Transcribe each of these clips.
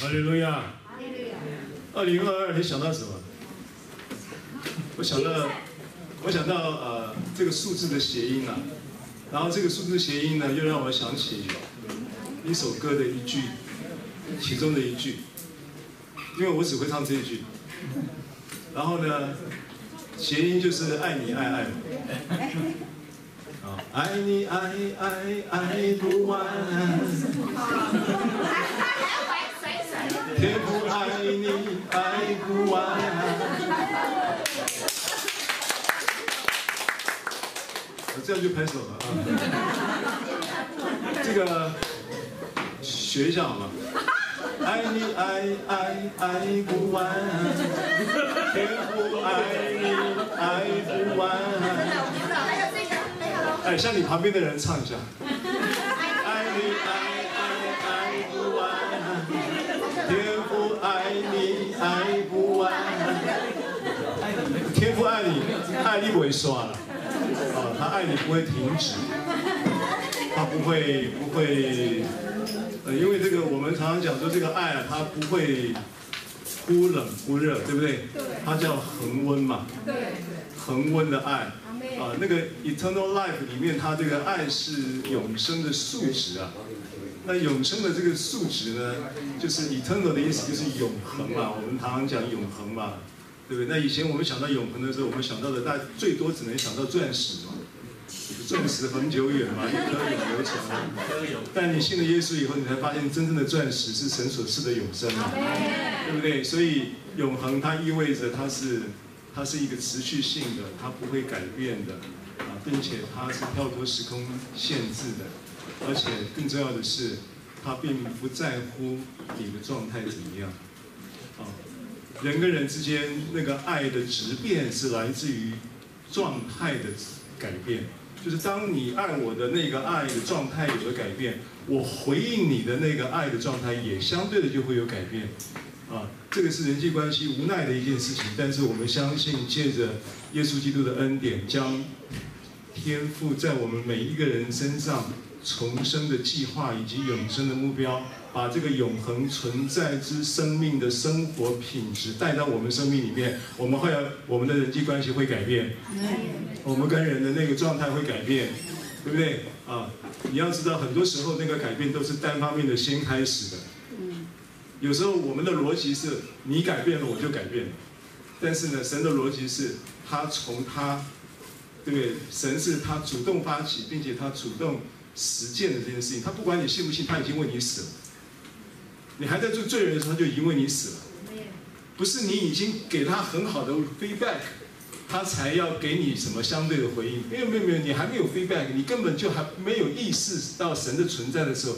哈利路亞，二零二二，2022，你想到什麼？我想到，我想到呃，這個數字的諧音啊，然後這個數字諧音呢，又讓我想起一首，一首歌的一句，其中的一句，因為我只會唱這一句。然後呢，諧音就是愛你愛愛。啊， 愛你愛愛愛不完。 天不愛你，愛不完。我這樣就拍手了啊！這個學一下好嗎？愛你愛愛愛不完，天不愛你，愛不完。哎，像你旁邊的人唱一下。愛你愛你。愛力不會衰了啊，他愛你不會停止，他不會不會、呃，因為這個我們常常講說這個愛啊，他不會忽冷忽熱，對不對？他它叫恆溫嘛。恆溫的愛。啊、呃，那個 eternal life 裡面，它這個愛是永生的素質啊。那永生的這個素質呢，就是 eternal 的意思，就是永恆嘛。我們常常講永恆嘛。對不對？那以前我們想到永恆的時候，我們想到的，大最多只能想到鑽石嘛，你不鑽石恆久遠嘛，一顆永流傳嘛。但你信了耶穌以後，你才發現真正的鑽石是神所賜的永生嘛，對不對？所以永恆它意味着它是，它是一個持續性的，它不會改變的啊，並且它是跳脫時空限制的，而且更重要的是，它並不在乎你的狀態怎麼樣，啊。人跟人之間那個愛的質變是來自於狀態的改變，就是當你愛我的那個愛的狀態有了改變，我回應你的那個愛的狀態也相對的就會有改變。啊，這個是人際關係無奈的一件事情，但是我們相信借着耶穌基督的恩典，將天賦在我們每一個人身上重生的計劃以及永生的目標。把這個永恆存在之生命的生活品質帶到我們生命裡面，我們會，我們的人際關係會改變，我們跟人的那個狀態會改變，對不對？啊，你要知道，很多時候那個改變都是單方面的，先開始的。有時候我們的邏輯是，你改變了，我就改變。但是呢，神的邏輯是，他從他，對不對？神是他主動發起，並且他主動實踐的這件事情。他不管你信不信，他已經為你死了。你還在做罪人的時候，他就已經為你死了。不是你已經給他很好的 feedback，他才要給你什麼相對的回應。沒有沒有沒有，你還沒有 feedback，你根本就還沒有意識到神的存在的時候，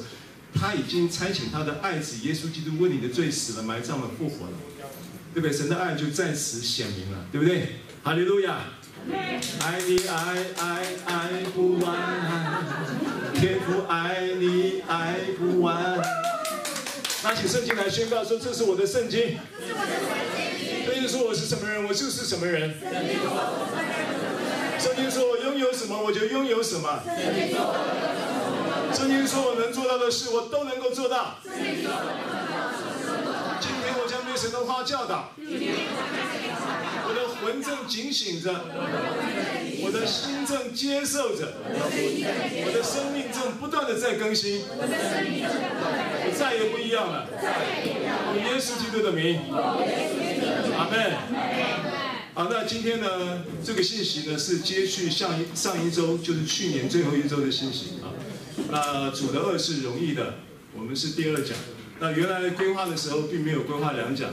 他已經差遣他的愛子耶穌基督為你的罪死了、埋葬了、復活了，對不對？神的愛就在此顯明了，對不對？哈利路亞。愛你愛愛愛不完愛，天父愛你愛不完。拿起聖經來宣告說：“這是我的聖經。”聖經說，我是什麼人，我就是什麼人。聖經說我擁有什麼，我就擁有什麼。聖經說我能做到的事，我都能夠做到。今天我將被神的話教導。魂正警醒着，我的心正接受着，我的生命正不斷的在更新，我再也不一樣了。奉耶穌基督的名，阿們、oh, yes。好，那今天呢，這個信息呢是接續上一上一周，就是去年最後一周的信息啊。那主的軛是容易的，我們是第二講，那原來規劃的時候並沒有規劃兩講。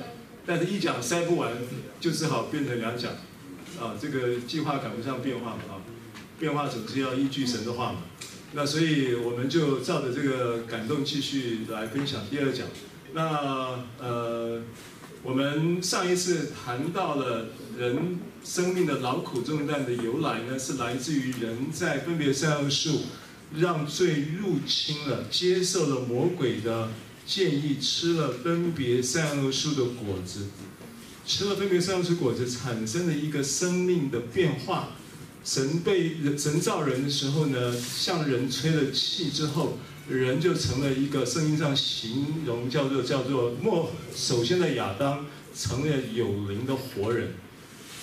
但是一講塞不完，就只好變成兩講，啊，這個計劃趕不上變化嘛，啊，變化總是要依據神的話嘛，那所以我們就照着這個感動繼續來分享第二講。那呃，我們上一次談到了人生命的勞苦重擔的由來呢，是來自於人在分別善惡樹，讓罪入侵了、接受了魔鬼的。建議吃了分別善惡樹的果子，吃了分別善惡樹果子產生的一個生命的變化。神被神造人的時候呢，向人吹了氣之後，人就成了一個聖經上形容叫做叫做莫。首先的亞當成了有靈的活人，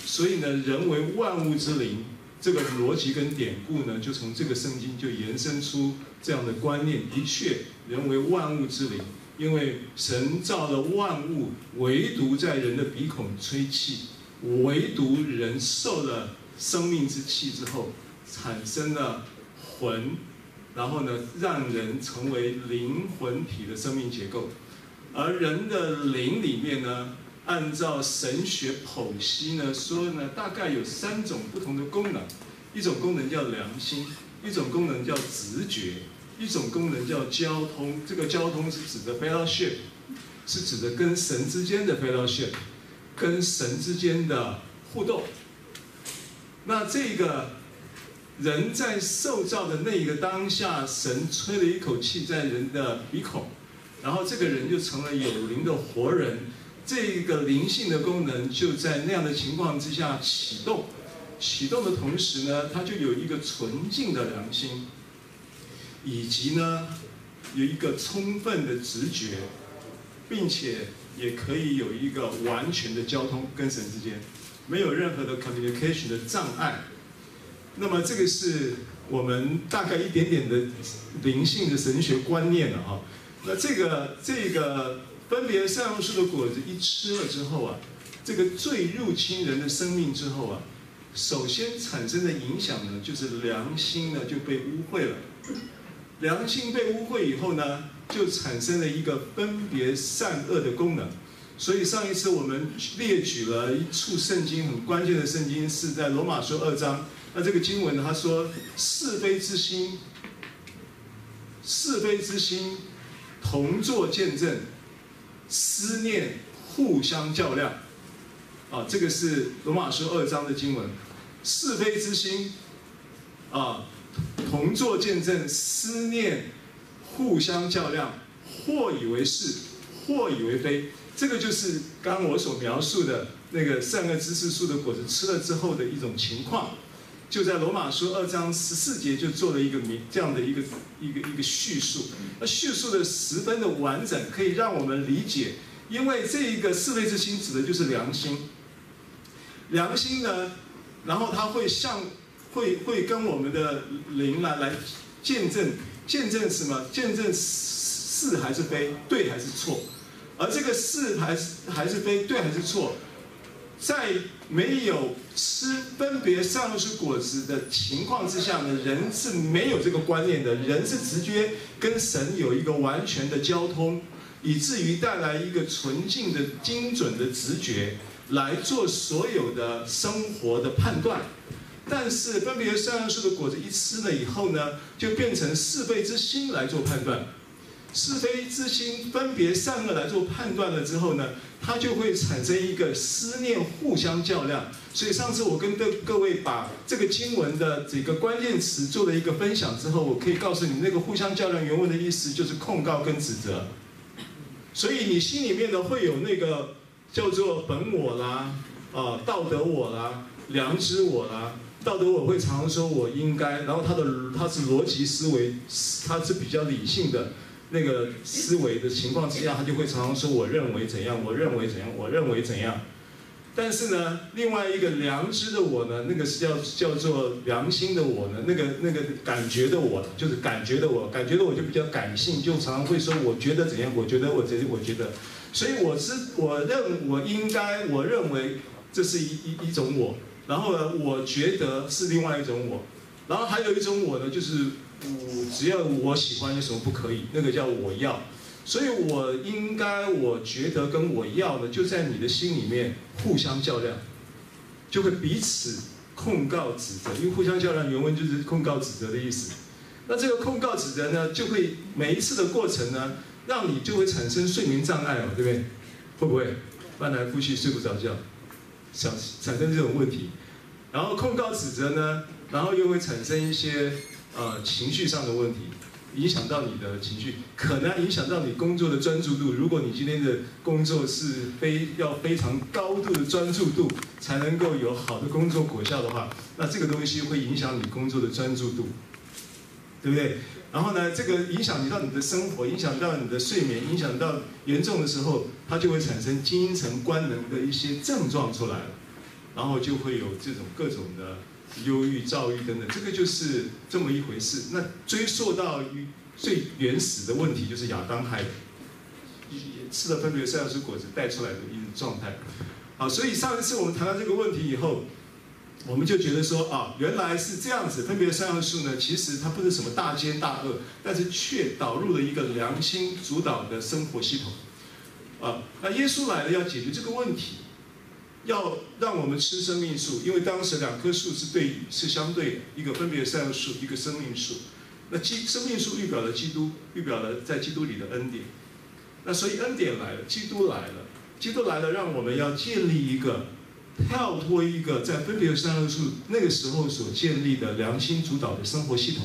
所以呢，人為萬物之靈，這個邏輯跟典故呢，就從這個聖經就延伸出這樣的觀念。的確。人為萬物之靈，因為神造了萬物，唯獨在人的鼻孔吹氣，唯獨人受了生命之氣之後，產生了魂，然後呢，讓人成為靈魂體的生命結構。而人的靈裡面呢，按照神學剖析呢，說呢，大概有三種不同的功能，一種功能叫良心，一種功能叫直覺。一種功能叫交通，這個交通是指的 fellowship，是指的跟神之間的 fellowship，跟神之間的互動。那這個人在受造的那一個當下，神吹了一口氣在人的鼻孔，然後這個人就成了有靈的活人。這個靈性的功能就在那樣的情況之下啟動，啟動的同時呢，他就有一個純淨的良心。以及呢，有一個充分的直覺，並且也可以有一個完全的交通跟神之間，沒有任何的 communication 的障礙。那麼這個是我們大概一點點的靈性的神學觀念了哈。那這個這個分別善惡樹的果子一吃了之後啊，這個罪入侵人的生命之後啊，首先產生的影響呢，就是良心呢就被污穢了。良心被污穢以後呢，就產生了一個分別善惡的功能。所以上一次我們列舉了一處聖經很關鍵的聖經，是在羅馬書二章。那這個經文他說是非之心，是非之心同作見證，思念互相較量。啊，這個是羅馬書二章的經文，是非之心，啊。同作見證思念，互相較量，或以為是，或以為非，這個就是剛剛我所描述的那個善惡知識樹的果子吃了之後的一種情況。就在羅馬書二章十四節就做了一個這樣的一個一個一個敘述，那敘述的十分的完整，可以讓我們理解，因為這一個是非之心指的就是良心，良心呢，然後它會向。會會跟我們的靈來來見證，見證什麼？見證是是還是非，對還是錯？而這個是還是還是非，對還是錯，在沒有吃分別善惡果子的情況之下呢，人是沒有這個觀念的。人是直接跟神有一個完全的交通，以至於帶來一個純淨的、精準的直覺來做所有的生活的判斷。但是分別善惡樹的果子一吃了以後呢，就變成是非之心來做判斷，是非之心分別善惡來做判斷了之後呢，它就會產生一個思念互相較量。所以上次我跟各各位把這個經文的幾個關鍵詞做了一個分享之後，我可以告訴你，那個互相較量原文的意思就是控告跟指責。所以你心裡面的會有那個叫做本我啦，啊、呃、道德我啦，良知我啦。道德，我會常常說我應該，然後他的他是邏輯思維，他是比較理性的那個思維的情況之下，他就會常常說我認為怎樣，我認為怎樣，我認為怎樣。但是呢，另外一個良知的我呢，那個是要叫，叫做良心的我呢，那個那個感覺的我，就是感覺的我，感覺的我就比較感性，就常常會說我覺得怎樣，我覺得我這我覺得，所以我是我認我應該我認為這是一一一種我。然後呢，我覺得是另外一種我，然後還有一種我呢，就是，我、嗯，只要我喜歡有什麼不可以，那個叫我要。所以我應該，我覺得跟我要的，就在你的心裡面互相較量，就會彼此控告指責，因為互相較量原文就是控告指責的意思。那這個控告指責呢，就會每一次的過程呢，讓你就會產生睡眠障礙哦，對不對？會不會翻來覆去睡不着覺，想產生這種問題？然後控告指責呢，然後又會產生一些呃情緒上的問題，影響到你的情緒，可能影響到你工作的專注度。如果你今天的工作是非要非常高度的專注度才能夠有好的工作果效的話，那這個東西會影響你工作的專注度，對不對？然後呢，這個影響到你的生活，影響到你的睡眠，影響到嚴重的時候，它就會產生精神官能的一些症狀出來了。然後就會有這種各種的憂鬱、躁鬱等等，這個就是這麼一回事。那追溯到最原始的問題，就是亞當夏娃吃了分別善惡樹果子帶出來的一種狀態。好，所以上一次我們談到這個問題以後，我們就覺得說啊，原來是這樣子，分別善惡樹呢，其實它不是什麼大奸大惡，但是卻導入了一個良心主導的生活系統。啊，那耶穌來了要解決這個問題。要讓我們吃生命樹，因為當時兩棵樹是對應，是相對的，一個分別善惡樹，一個生命樹。那基生命樹預表了基督，預表了在基督裡的恩典。那所以恩典來了，基督來了，基督來了，基督來了，讓我們要建立一個跳脫一個在分別善惡樹那個時候所建立的良心主導的生活系統，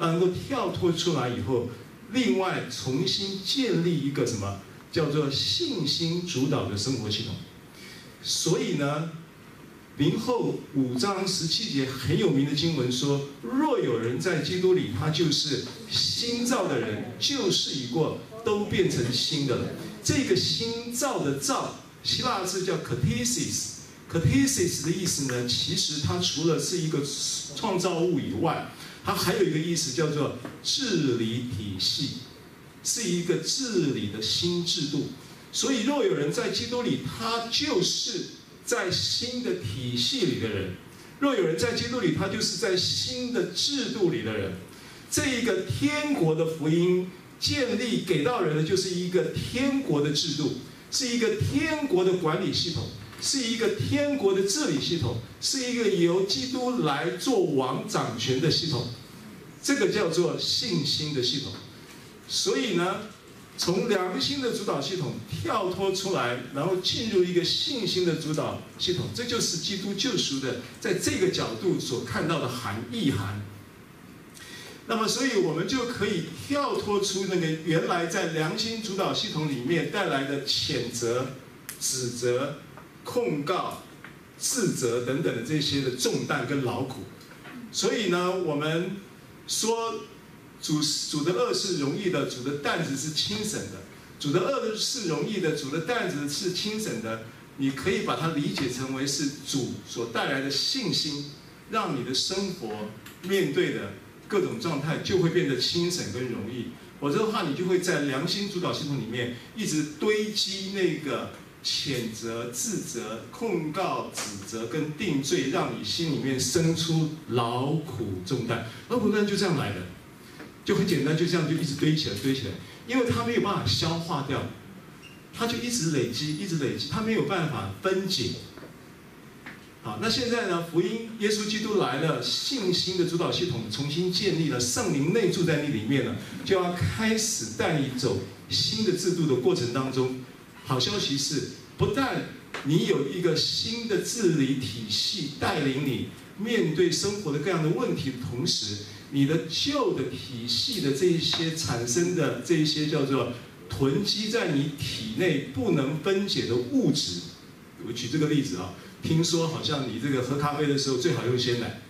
那能夠跳脫出來以後，另外重新建立一個什麼叫做信心主導的生活系統。所以呢，林後五章十七節很有名的經文說：“若有人在基督裡，他就是新造的人，舊事已過，都變成新的了。”這個“新造”的“造”，希臘字叫 “kathesis”，“kathesis” 的意思呢，其實它除了是一個創造物以外，它還有一個意思叫做治理體系，是一個治理的新制度。所以，若有人在基督裡，他就是在新的體系裡的人；若有人在基督裡，他就是在新的制度裡的人。這一個天國的福音建立給到人的，就是一個天國的制度，是一個天國的管理系統，是一個天國的治理系統，是一個由基督來做王掌權的系統。這個叫做信心的系統。所以呢，從良心的主導系統跳脫出來，然後進入一個信心的主導系統，這就是基督救贖的，在這個角度所看到的含義涵。那麼，所以我們就可以跳脫出那個原來在良心主導系統裡面帶來的譴責、指責、控告、自責等等的這些的重擔跟勞苦。所以呢，我們說。主主的軛是容易的，主的擔子是輕省的。主的軛是容易的，主的擔子是輕省的。你可以把它理解成為是主所帶來的信心，讓你的生活面對的各種狀態就會變得輕省跟容易。否則的話，你就會在良心主導系統裡面一直堆積那個譴責、自責、控告、指責跟定罪，讓你心裡面生出勞苦重擔，勞苦重擔就這樣來的。就很簡單，就這樣就一直堆起來，堆起來，因為它沒有辦法消化掉，它就一直累積，一直累積，它沒有辦法分解。好，那現在呢？福音耶穌基督來了，信心的主導系統重新建立了，聖靈內住在你裡面了，就要開始帶你走新的制度的過程當中。好消息是，不但你有一個新的治理體系帶領你面對生活的各樣的問題的同時。你的舊的體系的這一些產生的這一些叫做囤積在你體內不能分解的物質，我舉這個例子啊、哦，聽說好像你這個喝咖啡的時候最好用鮮奶，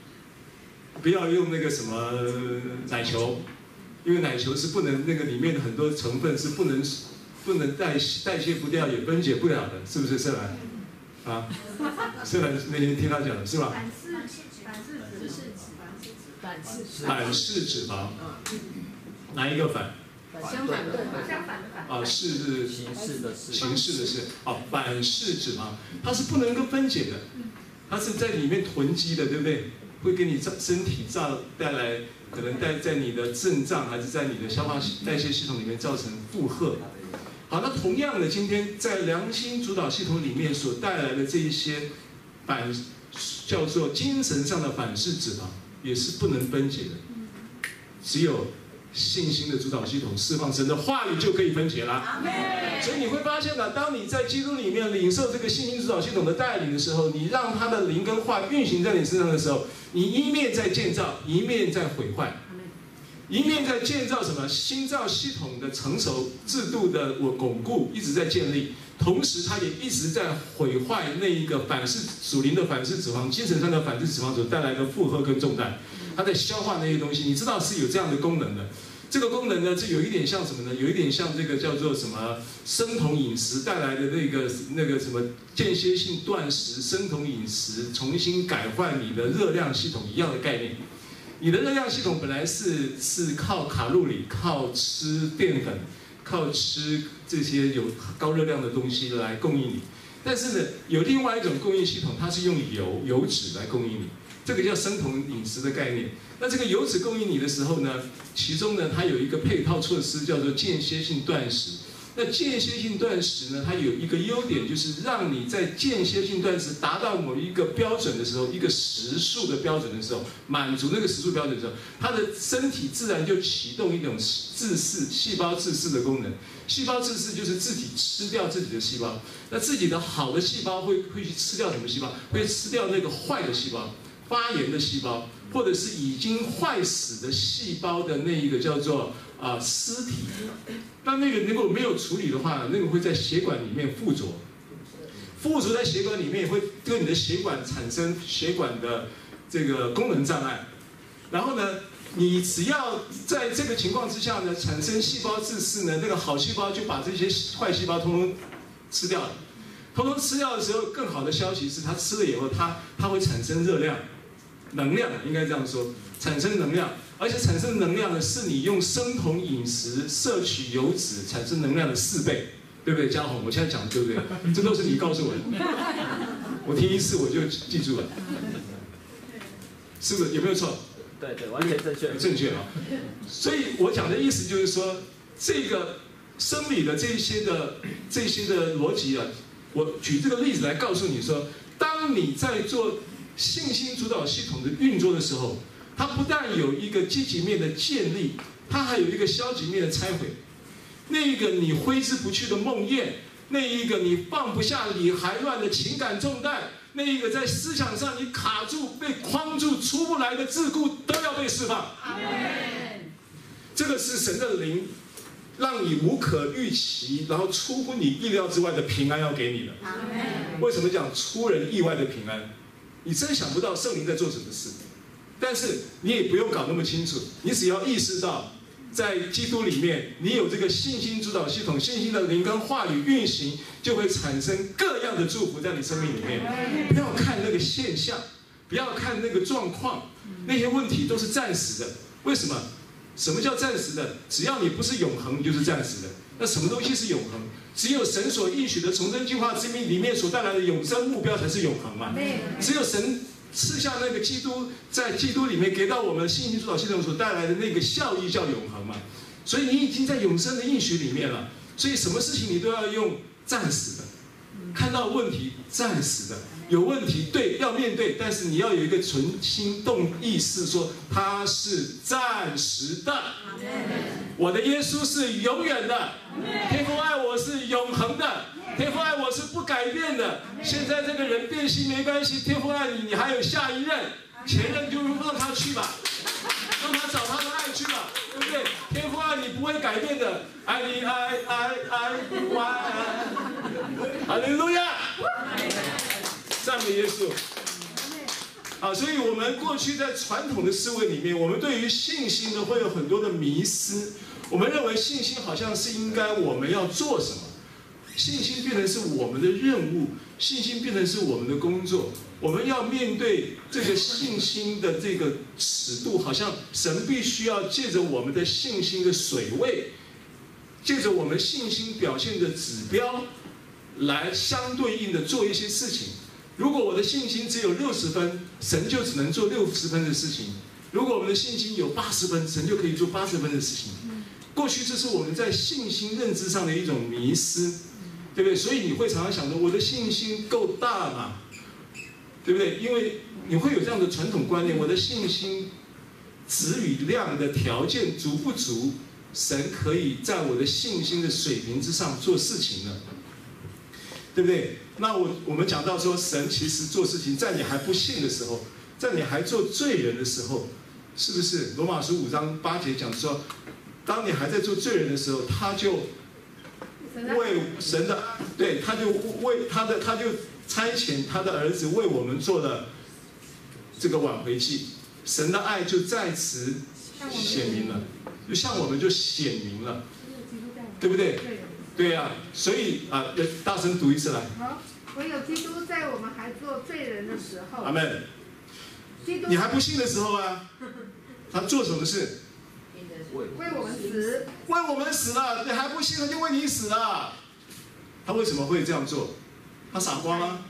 不要用那個什麼奶球，因為奶球是不能那個裡面的很多成分是不能不能代謝代謝不掉也分解不了的，是不是色蘭？啊，色蘭那天聽他講的是吧？反式脂肪，哪一個反，相反的反，啊，式是形式的式，形式的式，啊，反式脂肪它是不能夠分解的，它是在裡面囤積的，對不對？會給你造，身體造，帶來可能帶在你的腎臟還是在你的消化代謝系統裡面造成負荷。好，那同樣的，今天在良心主導系統裡面所帶來的這一些反，叫做精神上的反式脂肪。也是不能分解的，只有信心的主導系統釋放神的話語就可以分解了。所以你會發現呢、啊，當你在基督裡面領受這個信心主導系統的帶領的時候，你讓他的靈跟話運行在你身上的時候，你一面在建造，一面在毀壞，一面在建造什麼新造系統的成熟、制度的我鞏固，一直在建立。同時，它也一直在毀壞那一個反式屬靈的反式脂肪、精神上的反式脂肪所帶來的負荷跟重擔。它在消化那些東西，你知道是有這樣的功能的。這個功能呢，就有一點像什麼呢？有一點像這個叫做什麼生酮飲食帶來的那個那個什麼間歇性斷食、生酮飲食，重新改換你的熱量系統一樣的概念。你的熱量系統本來是是靠卡路里、靠吃澱粉。靠吃這些有高熱量的東西來供應你，但是呢，有另外一種供應系統，它是用油油脂來供應你，這個叫生酮飲食的概念。那這個油脂供應你的時候呢，其中呢，它有一個配套措施，叫做間歇性斷食。那間歇性斷食呢，它有一個優點，就是讓你在間歇性斷食達到某一個標準的時候，一個時數的標準的時候，滿足那個時數標準的時候，它的身體自然就啟動一種自噬、細胞自噬的功能。細胞自噬就是自己吃掉自己的細胞。那自己的好的細胞會會去吃掉什麼細胞？會吃掉那個壞的細胞、發炎的細胞，或者是已經壞死的細胞的那一個叫做。啊、呃，屍體，但那個如果，那個，沒有處理的話，那個會在血管裡面附着，附着在血管裡面也會對你的血管產生血管的這個功能障礙。然後呢，你只要在這個情況之下呢，產生細胞自噬呢，那個好細胞就把這些壞細胞通通吃掉了。通通吃掉的時候，更好的消息是它吃了以後，它它會產生熱量，能量應該這樣說，產生能量。而且產生能量的是你用生酮飲食攝取油脂產生能量的四倍，對不對？嘉宏，我現在講的對不對？這都是你告訴我的，我聽一次我就記住了，是不是？有沒有錯？對對，完全正確。正確啊！所以我講的意思就是說，這個生理的這些的這些的邏輯啊，我舉這個例子來告訴你說，當你在做信心主導系統的運作的時候。他不但有一個積極面的建立，他還有一個消極面的拆毀。那一個你揮之不去的夢魘，那一個你放不下、理還亂的情感重擔，那一個在思想上你卡住、被框住、出不來的桎梏，都要被釋放。Amen 這個是神的靈，讓你無可預期，然後出乎你意料之外的平安要給你的。Amen 為什麼講出人意外的平安？你真想不到聖靈在做什麼事。但是你也不用搞那麼清楚，你只要意識到，在基督裡面，你有這個信心主導系統，信心的靈跟話語運行，就會產生各樣的祝福在你生命裡面。不要看那個現象，不要看那個狀況，那些問題都是暫時的。為什麼？什麼叫暫時的？只要你不是永恆，就是暫時的。那什麼東西是永恆？只有神所應許的重生計劃之命裡面所帶來的永生目標才是永恆嘛。只有神。賜下那個基督在基督裡面給到我們信心主導系統所帶來的那個效益叫永恆嘛，所以你已經在永生的應許裡面了，所以什麼事情你都要用暫時的，看到問題暫時的，有問題對要面對，但是你要有一個存心動意識說它是暫時的，我的耶穌是永遠的，天父愛我是永恆的。天父愛我是不改變的，現在這個人變心沒關係，天父愛你，你還有下一任，前任就讓他去吧，讓他找他的愛去吧，對不對？天父愛你不會改變的，愛你愛愛愛不完，阿門， 哈利路亞，讚美耶穌。啊，所以我們過去在傳統的思維裡面，我們對於信心呢會有很多的迷思，我們認為信心好像是應該我們要做什麼。信心變成是我們的任務，信心變成是我們的工作。我們要面對這個信心的這個尺度，好像神必須要借着我們的信心的水位，借着我們信心表現的指標，來相對應的做一些事情。如果我的信心只有六十分，神就只能做六十分的事情；如果我們的信心有八十分，神就可以做八十分的事情。過去這是我們在信心認知上的一種迷思。對不對？所以你會常常想着我的信心夠大嘛，對不對？因為你會有這樣的傳統觀念，我的信心質與量的條件足不足，神可以在我的信心的水平之上做事情呢？對不對？那我我們講到說，神其實做事情在你還不信的時候，在你還做罪人的時候，是不是？羅馬書五章八節講說，當你還在做罪人的時候，他就。神為神的，對，他就為他的，他就差遣他的兒子為我們做了這個挽回祭，神的愛就在此顯明了，就像我們就顯明了，對不對？對呀、啊，所以啊，要大聲讀一次來。好、啊，唯有基督在，我們還做罪人的時候。阿門。基督，你還不信的時候啊，他做什麼事？為我們死，為我們死了，你還不信了就為你死了。他為什麼會這樣做？他傻瓜嗎？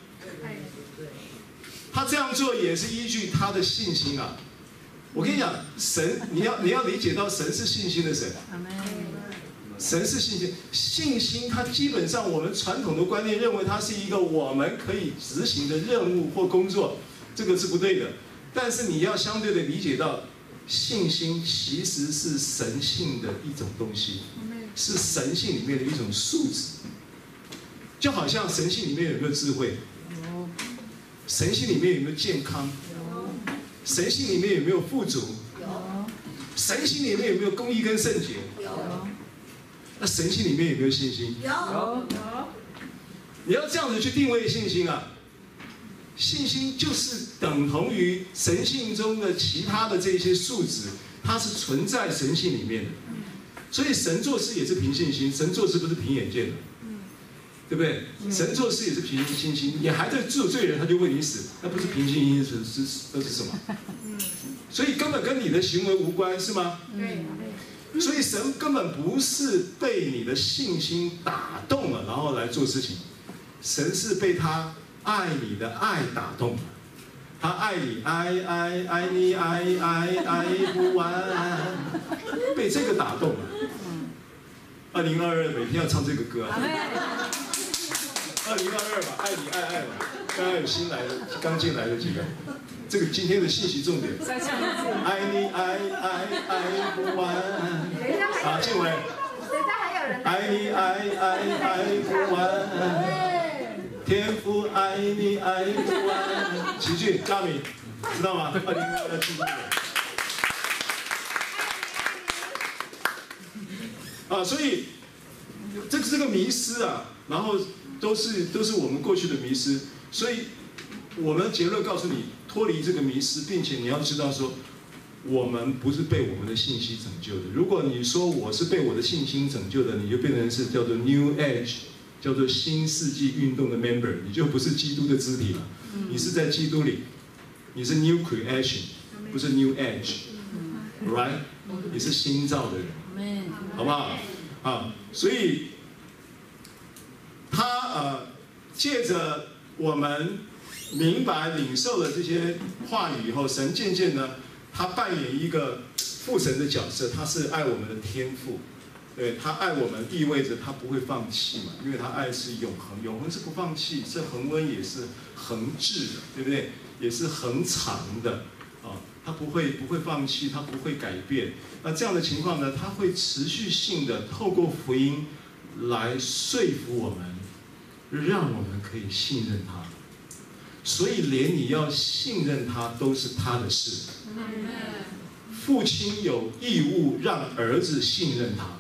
他這樣做也是依據他的信心啊。我跟你講，神，你要你要理解到神是信心的神。神是信心，信心它基本上我們傳統的觀念認為它是一個我們可以執行的任務或工作，這個是不對的。但是你要相對的理解到。信心其實是神性的一種東西，是神性裡面的一種素質。就好像神性裡面有沒有智慧？有。神性裡面有沒有健康？有。神性裡面有沒有富足？有。神性裡面有沒有公義跟聖潔？有。那神性裡面有沒有信心？有。有。你要這樣子去定位信心啊。信心就是等同於神性中的其他的這些素質，它是存在神性裡面的。所以神做事也是憑信心，神做事不是憑眼見的，對不對？神做事也是憑信心。你還在做罪人，他就為你死，那不是憑信心，是是那是什麼？所以根本跟你的行為無關，是嗎？所以神根本不是被你的信心打動了，然後來做事情。神是被他。愛你的愛打動，他愛你愛愛愛你愛愛愛不完，被這個打動了，二零二二每天要唱這個歌。二零二二吧，愛你愛愛吧。剛剛有新來的，剛進來的幾個。這個今天的信息重點。愛你愛愛愛不完。啊，建偉。愛你愛愛愛不完。天父愛你愛不完，齊聚嘉明，知道嗎？ 啊，所以這個是個迷思啊，然後都是都是我們過去的迷思，所以我們結論告訴你，脫離這個迷思，並且你要知道說，我們不是被我們的信息拯救的。如果你說我是被我的信心拯救的，你就變成是叫做 New Age。叫做新世紀運動的 member，你就不是基督的肢體了。你是在基督裡，你是 new creation，不是 new age，right？你是新造的人，Amen. 好不好？啊，所以他呃，借着我們明白領受了這些話語以後，神漸漸呢，他扮演一個父神的角色，他是愛我們的天父。對，他愛我們地位，意味着他不會放棄嘛？因為他愛是永恆，永恆是不放棄，這恆溫也是恆質的，對不對？也是恆長的啊、哦！他不會不會放棄，他不會改變。那這樣的情況呢？他會持續性的透過福音來說服我們，讓我們可以信任他。所以連你要信任他都是他的事。 父親有義務讓兒子信任他。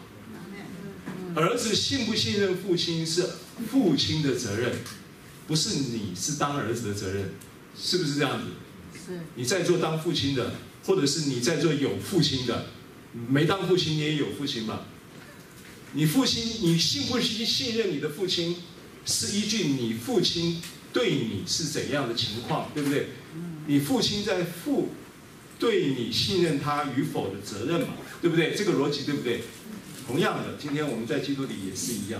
兒子信不信任父親是父親的責任，不是你是當兒子的責任，是不是這樣子？是。你在做當父親的，或者是你在做有父親的，沒當父親你也有父親嘛？你父親你信不信信任你的父親，是依據你父親對你是怎樣的情況，對不對？你父親在負對你信任他與否的責任嘛，對不對？這個邏輯對不對？同樣的，今天我們在基督裡也是一樣。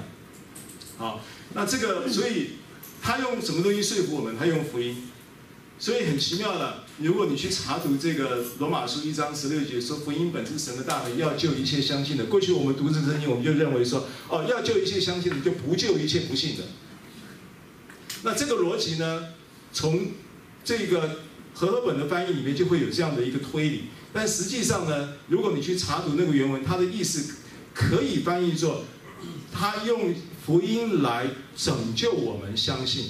好，那這個，所以他用什麼東西說服我們？他用福音。所以很奇妙的，如果你去查讀這個羅馬書一章十六節，說“福音本是神的大能，要救一切相信的。”過去我們讀這聖經，我們就認為說：“哦，要救一切相信的，就不救一切不信的。”那這個邏輯呢，從這個和合本的翻譯裡面就會有這樣的一個推理。但實際上呢，如果你去查讀那個原文，它的意思。可以翻譯作，他用福音來拯救我們，相信，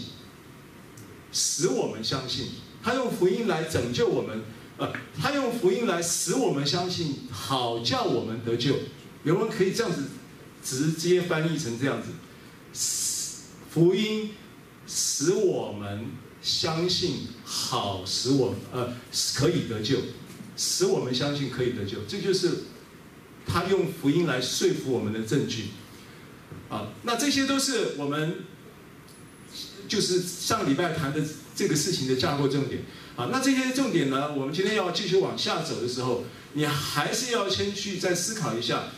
使我們相信，他用福音來拯救我們，呃，他用福音來使我們相信，好叫我們得救。原文可以這樣子，直接翻譯成這樣子，福音使我們相信，好使我們呃可以得救，使我們相信可以得救，這就是。他用福音來說服我們的證據，啊，那這些都是我們就是上禮拜談的這個事情的架構重點啊。那這些重點呢，我們今天要繼續往下走的時候，你還是要先去再思考一下，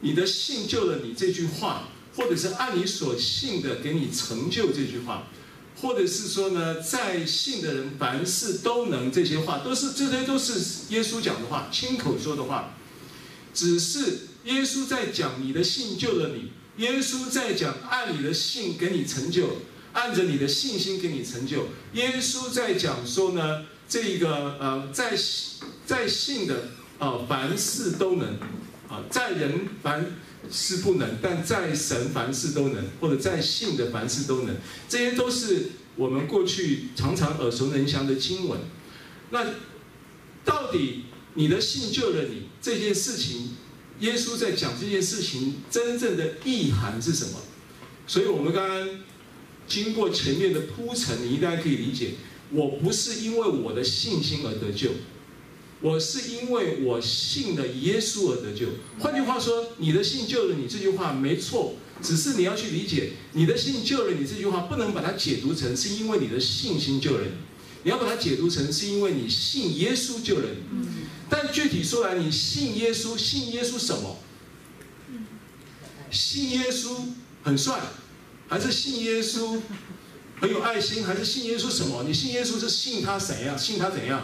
你的信救了你這句話，或者是按你所信的給你成就這句話，或者是說呢，在信的人凡事都能這些話，都是，這些都是耶穌講的話，親口說的話。只是耶穌在講你的信救了你，耶穌在講按你的信給你成就，按着你的信心給你成就。耶穌在講說呢，這個呃在在信的呃凡事都能，啊在人凡事不能，但在神凡事都能，或者在信的凡事都能，這些都是我們過去常常耳熟能詳的經文。那到底，你的信救了你這件事情，耶穌在講這件事情真正的意涵是什麼？所以我們剛剛經過前面的鋪陳，你應該可以理解，我不是因為我的信心而得救，我是因為我信的耶穌而得救。換句話說，你的信救了你這句話沒錯，只是你要去理解，你的信救了你這句話不能把它解讀成是因為你的信心救了你。你要把它解讀成是因為你信耶穌救人，但具體說來，你信耶穌，信耶穌什麼？信耶穌很帥，還是信耶穌很有愛心，還是信耶穌什麼？你信耶穌是信他誰啊？信他怎樣？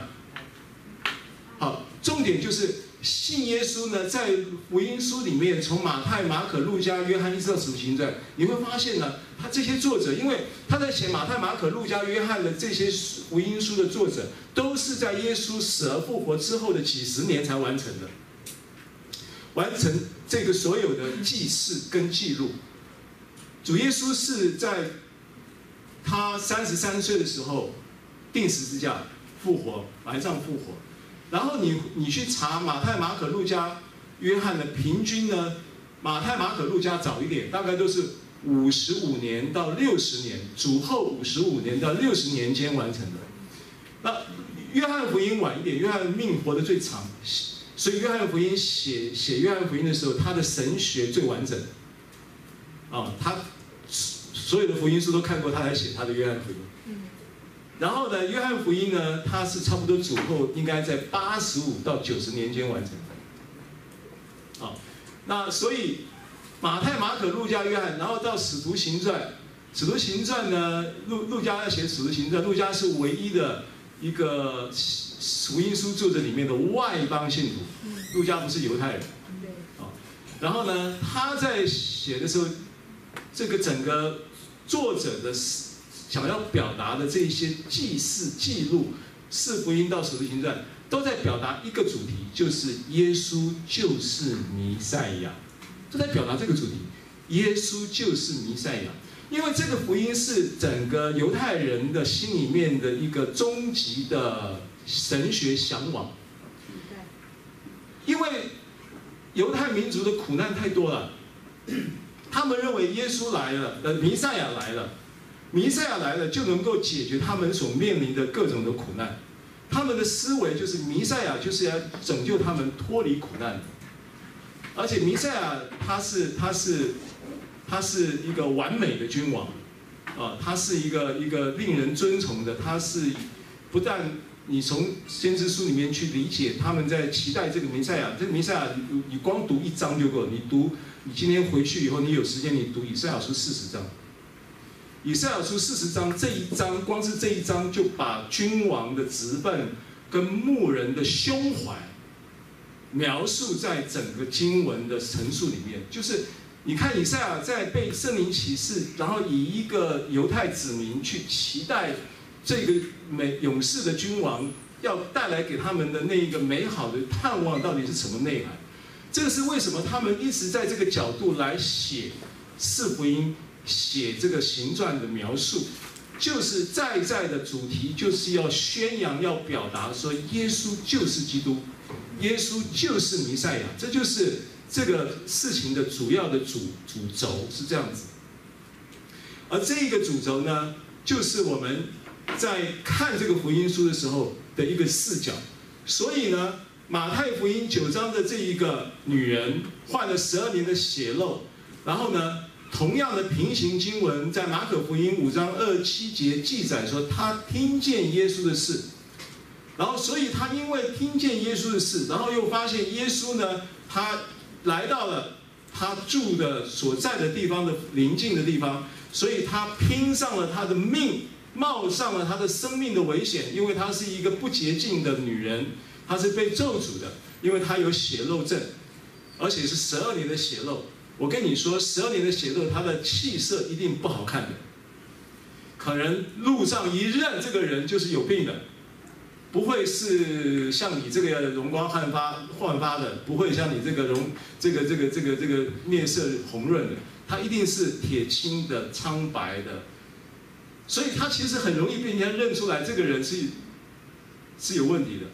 好，重點就是。信耶穌呢，在福音書裡面，從馬太、馬可、路加、約翰一直到使徒行傳，你會發現呢，他這些作者，因為他在寫馬太、馬可、路加、約翰的這些福音書的作者，都是在耶穌死而復活之後的幾十年才完成的，完成這個所有的記事跟記錄。主耶穌是在他三十三歲的時候，釘十字架復活，埋葬，復活。然後你你去查，馬太、馬可、路加、約翰的平均呢？馬太、馬可、路加早一點，大概都是五十五年到六十年，主後五十五年到六十年間完成的。那約翰福音晚一點，約翰命活得最長，所以約翰福音寫寫約翰福音的時候，他的神學最完整。啊、哦，他所有的福音書都看過，他來寫他的約翰福音。然後呢，約翰福音呢，它是差不多主後應該在八十五到九十年間完成的。好，那所以馬太、馬可、路加、約翰，然後到使徒行傳，使徒行傳呢，路路加要寫使徒行傳，路加是唯一的一個福音書作者裡面的外邦信徒，嗯，路加不是猶太人。對。好，然後呢，他在寫的時候，這個整個作者的。想要表達的這些記事記錄，四福音到《使徒行傳》都在表達一個主題，就是耶穌就是彌賽亞。都在表達這個主題，耶穌就是彌賽亞。因為這個福音是整個猶太人的心裡面的一個終極的神學向往。因為猶太民族的苦難太多了，他們認為耶穌來了，呃，彌賽亞來了。彌賽亞來了就能夠解決他們所面臨的各種的苦難，他們的思維就是彌賽亞就是要拯救他們脫離苦難，而且彌賽亞他是他是他是一個完美的君王，啊，他是一個一個令人尊崇的。他是不但你從先知書裡面去理解，他們在期待這個彌賽亞，這個彌賽亞你，你光讀一章就夠，你讀你今天回去以後你有時間你讀以賽亞書四十章。以賽亞書四十章這一章，光是這一章就把君王的職分跟牧人的胸懷描述在整個經文的陳述裡面。就是你看，以賽亞在被聖靈啟示，然後以一個猶太子民去期待這個美勇士的君王要帶來給他們的那一個美好的盼望，到底是什麼內涵？這個是為什麼他們一直在這個角度來寫四福音？寫這個形狀的描述，就是在在的主題就是要宣揚、要表達說耶穌就是基督，耶穌就是彌賽亞，這就是這個事情的主要的主主軸是這樣子。而這一個主軸呢，就是我們在看這個福音書的時候的一個視角。所以呢，馬太福音九章的這一個女人患了十二年的血漏，然後呢，同樣的平行經文，在馬可福音五章二七節記載說，他聽見耶穌的事，然後所以他因為聽見耶穌的事，然後又發現耶穌呢，他來到了他住的所在的地方的臨近的地方，所以他拼上了他的命，冒上了他的生命的危險，因為他是一個不潔淨的女人，她是被咒詛的，因為她有血漏症，而且是十二年的血漏。我跟你說，十二年的血漏他的氣色一定不好看的。可能路上一認這個人就是有病的，不會是像你這個樣的容光煥發、煥發的，不會像你這個容、這個、這個、這個、這個面色紅潤的，他一定是鐵青的、蒼白的，所以他其實很容易被人家認出來，這個人是是有問題的，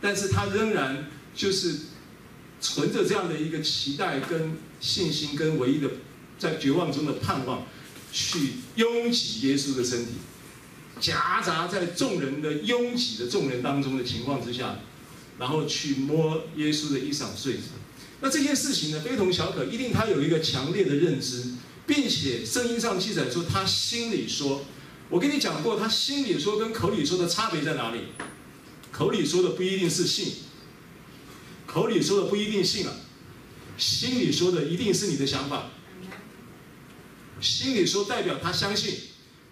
但是他仍然就是。存着這樣的一個期待、跟信心、跟唯一的在絕望中的盼望，去擁擠耶穌的身體，夾雜在眾人的擁擠的眾人當中的情況之下，然後去摸耶穌的衣裳繸子。那這件事情呢，非同小可，一定他有一個強烈的認知，並且聖經上記載說他心裡說，我跟你講過，他心裡說跟口裡說的差別在哪裡？口裡說的不一定是信。口裡說的不一定信啊，心裡說的一定是你的想法。心裡說代表他相信，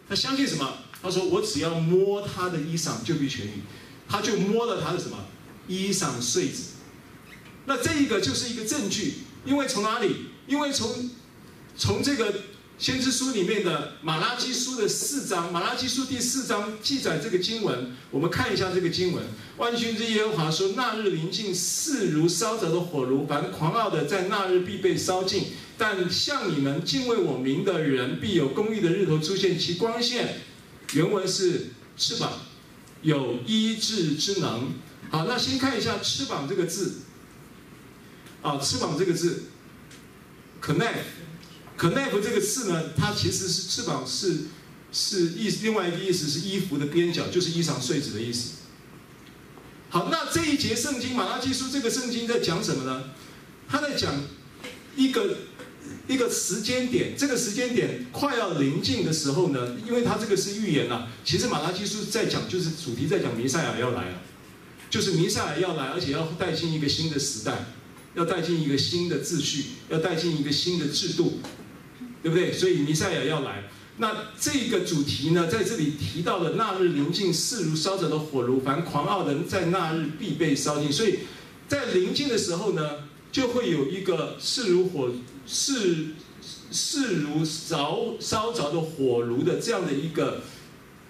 他相信什麼？他說我只要摸他的衣裳就必痊癒，他就摸了他的什麼？衣裳穗子，那這一個就是一個證據，因為從哪裡？因為從從這個。先知書裡面的馬拉基書的四章，馬拉基書第四章記載這個經文，我們看一下這個經文。萬軍之耶和華說：“那日臨近，勢如燒着的火爐；凡狂傲的，在那日必被燒盡。但向你們敬畏我名的人，必有公義的日頭出現，其光線……原文是翅膀，有醫治之能。好，那先看一下翅膀這個字。啊、哦，翅膀這個字，Connect。”可奈服這個字呢，它其實是翅膀是是意思，另外一個意思，是衣服的邊角，就是衣裳繸子的意思。好，那這一節聖經馬拉基書這個聖經在講什麼呢？他在講一個一個時間點，這個時間點快要臨近的時候呢，因為他這個是預言了、啊。其實馬拉基書在講，就是主題在講彌賽亞要來了，就是彌賽亞要來，而且要帶進一個新的時代，要帶進一個新的秩序，要帶進一個新的制度。對不對？所以彌賽亞要來，那這個主題呢，在這裡提到了“那日臨近，勢如燒着的火爐，凡狂傲的人在那日必被燒盡”。所以，在臨近的時候呢，就會有一個勢如火勢、勢如燒燒着的火爐的這樣的一個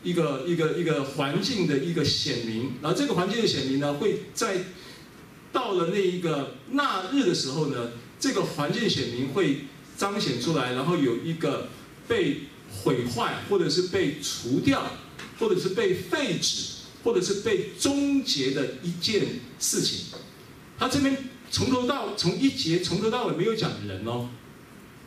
一個一個一個環境的一個顯明。然後這個環境的顯明呢，會在到了那一個那日的時候呢，這個環境顯明會。彰顯出來，然後有一個被毀壞，或者是被除掉，或者是被廢止，或者是被終結的一件事情。他這邊從頭到從一節從頭到尾沒有講人哦，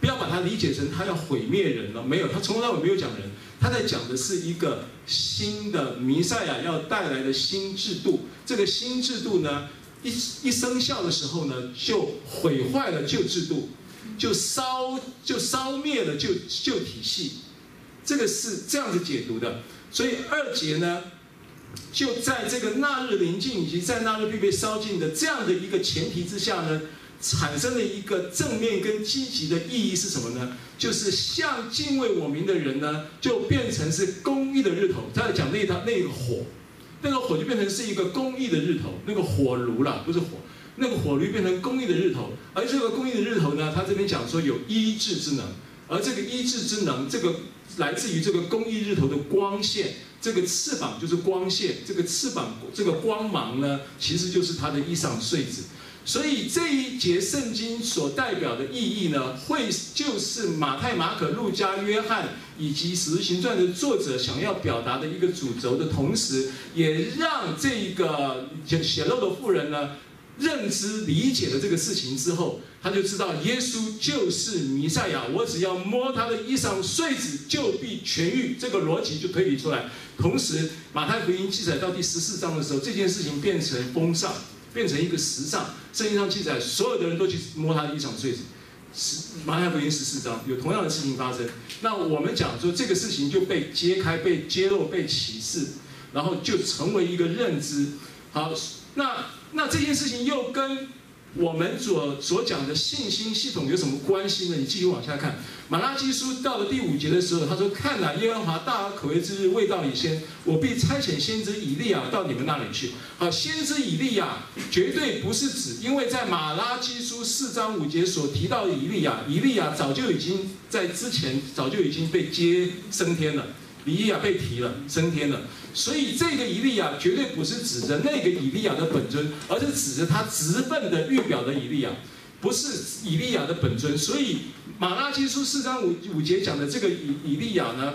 不要把它理解成他要毀滅人了，沒有，他從頭到尾沒有講人，他在講的是一個新的彌賽亞要帶來的新制度。這個新制度呢，一一生效的時候呢，就毀壞了舊制度。就燒就燒滅了舊舊體系，這個是這樣子解讀的。所以二節呢，就在這個那日臨近以及在那日必被燒盡的這樣的一個前提之下呢，產生了一個正面跟積極的意義是什麼呢？就是向敬畏我名的人呢，就變成是公義的日頭。他在講那他那個火，那個火就變成是一個公義的日頭，那個火爐了，不是火。那個火驢變成公義的日頭，而這個公義的日頭呢，他這邊講說有醫治之能，而這個醫治之能，這個來自於這個公義日頭的光線，這個翅膀就是光線，這個翅膀這個光芒呢，其實就是他的衣裳穗子。所以這一節聖經所代表的意義呢，會就是馬太、馬可、路加、約翰以及使徒行傳的作者想要表達的一個主軸的同時，也讓這個血漏的婦人呢。認知理解了這個事情之後，他就知道耶穌就是彌賽亞，我只要摸他的衣裳穗子，就必痊癒。這個邏輯就推理出來。同時，馬太福音記載到第十四章的時候，這件事情變成風尚，變成一個時尚。聖經上記載，所有的人都去摸他的衣裳穗子。馬太福音十四章有同樣的事情發生。那我們講說，這個事情就被揭開、被揭露、被啟示，然後就成為一個認知。好，那。那這件事情又跟我們所所講的信心系統有什麼關係呢？你繼續往下看，馬拉基書到了第五節的時候，他說：“看哪、啊，耶和華大而可畏之日未到以前，我必差遣先知以利亞到你們那裡去。好，先知以利亞絕對不是指，因為在馬拉基書四章五節所提到的以利亞，以利亞早就已經在之前早就已經被接升天了，以利亞被提了，升天了。”所以這個以利亞絕對不是指着那個以利亞的本尊，而是指着他直奔的預表的以利亞，不是以利亞的本尊。所以馬拉基書四章五五節講的這個以以利亞呢，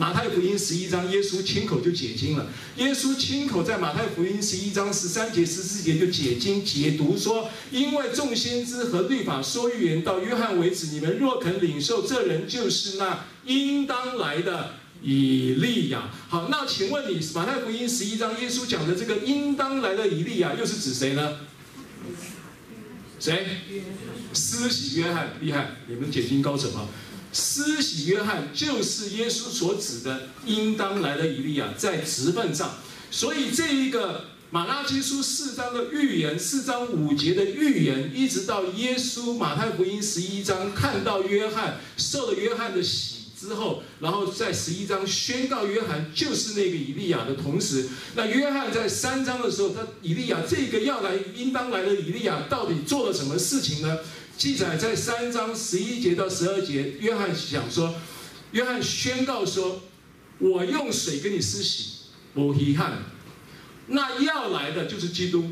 馬太福音十一章耶穌親口就解經了。耶穌親口在馬太福音十一章十三節十四節就解經解讀說：因為眾先知和律法說預言到約翰為止，你們若肯領受，這人就是那應當來的。以利亞，好，那請問你馬太福音十一章耶穌講的這個應當來的以利亞，又是指誰呢？誰？施洗約翰，厲害，你們解經高手啊！施洗約翰就是耶穌所指的應當來的以利亞，在職份上。所以這一個馬拉基書四章的預言，四章五節的預言，一直到耶穌馬太福音十一章看到約翰受了約翰的洗，之後，然後在十一章宣告約翰就是那個以利亞的同時，那約翰在三章的時候，他以利亞這個要來、應當來的以利亞到底做了什麼事情呢？記載在三章十一節到十二節，約翰想說，約翰宣告說：“我用水給你施洗，不遺憾。那要來的就是基督，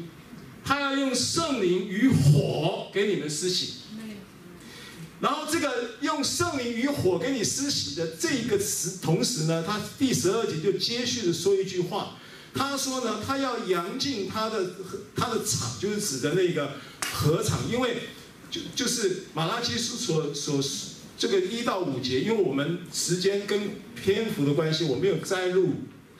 他要用聖靈與火給你們施洗。”然後這個用聖靈與火給你施洗的這個詞，同時呢，他第十二節就接續的說一句話，他說呢，他要揚淨他的、他的場，就是指的那個合場，因為就、就是瑪拉基書所、所、所這個一到五節，因為我們時間跟篇幅的關係，我沒有摘錄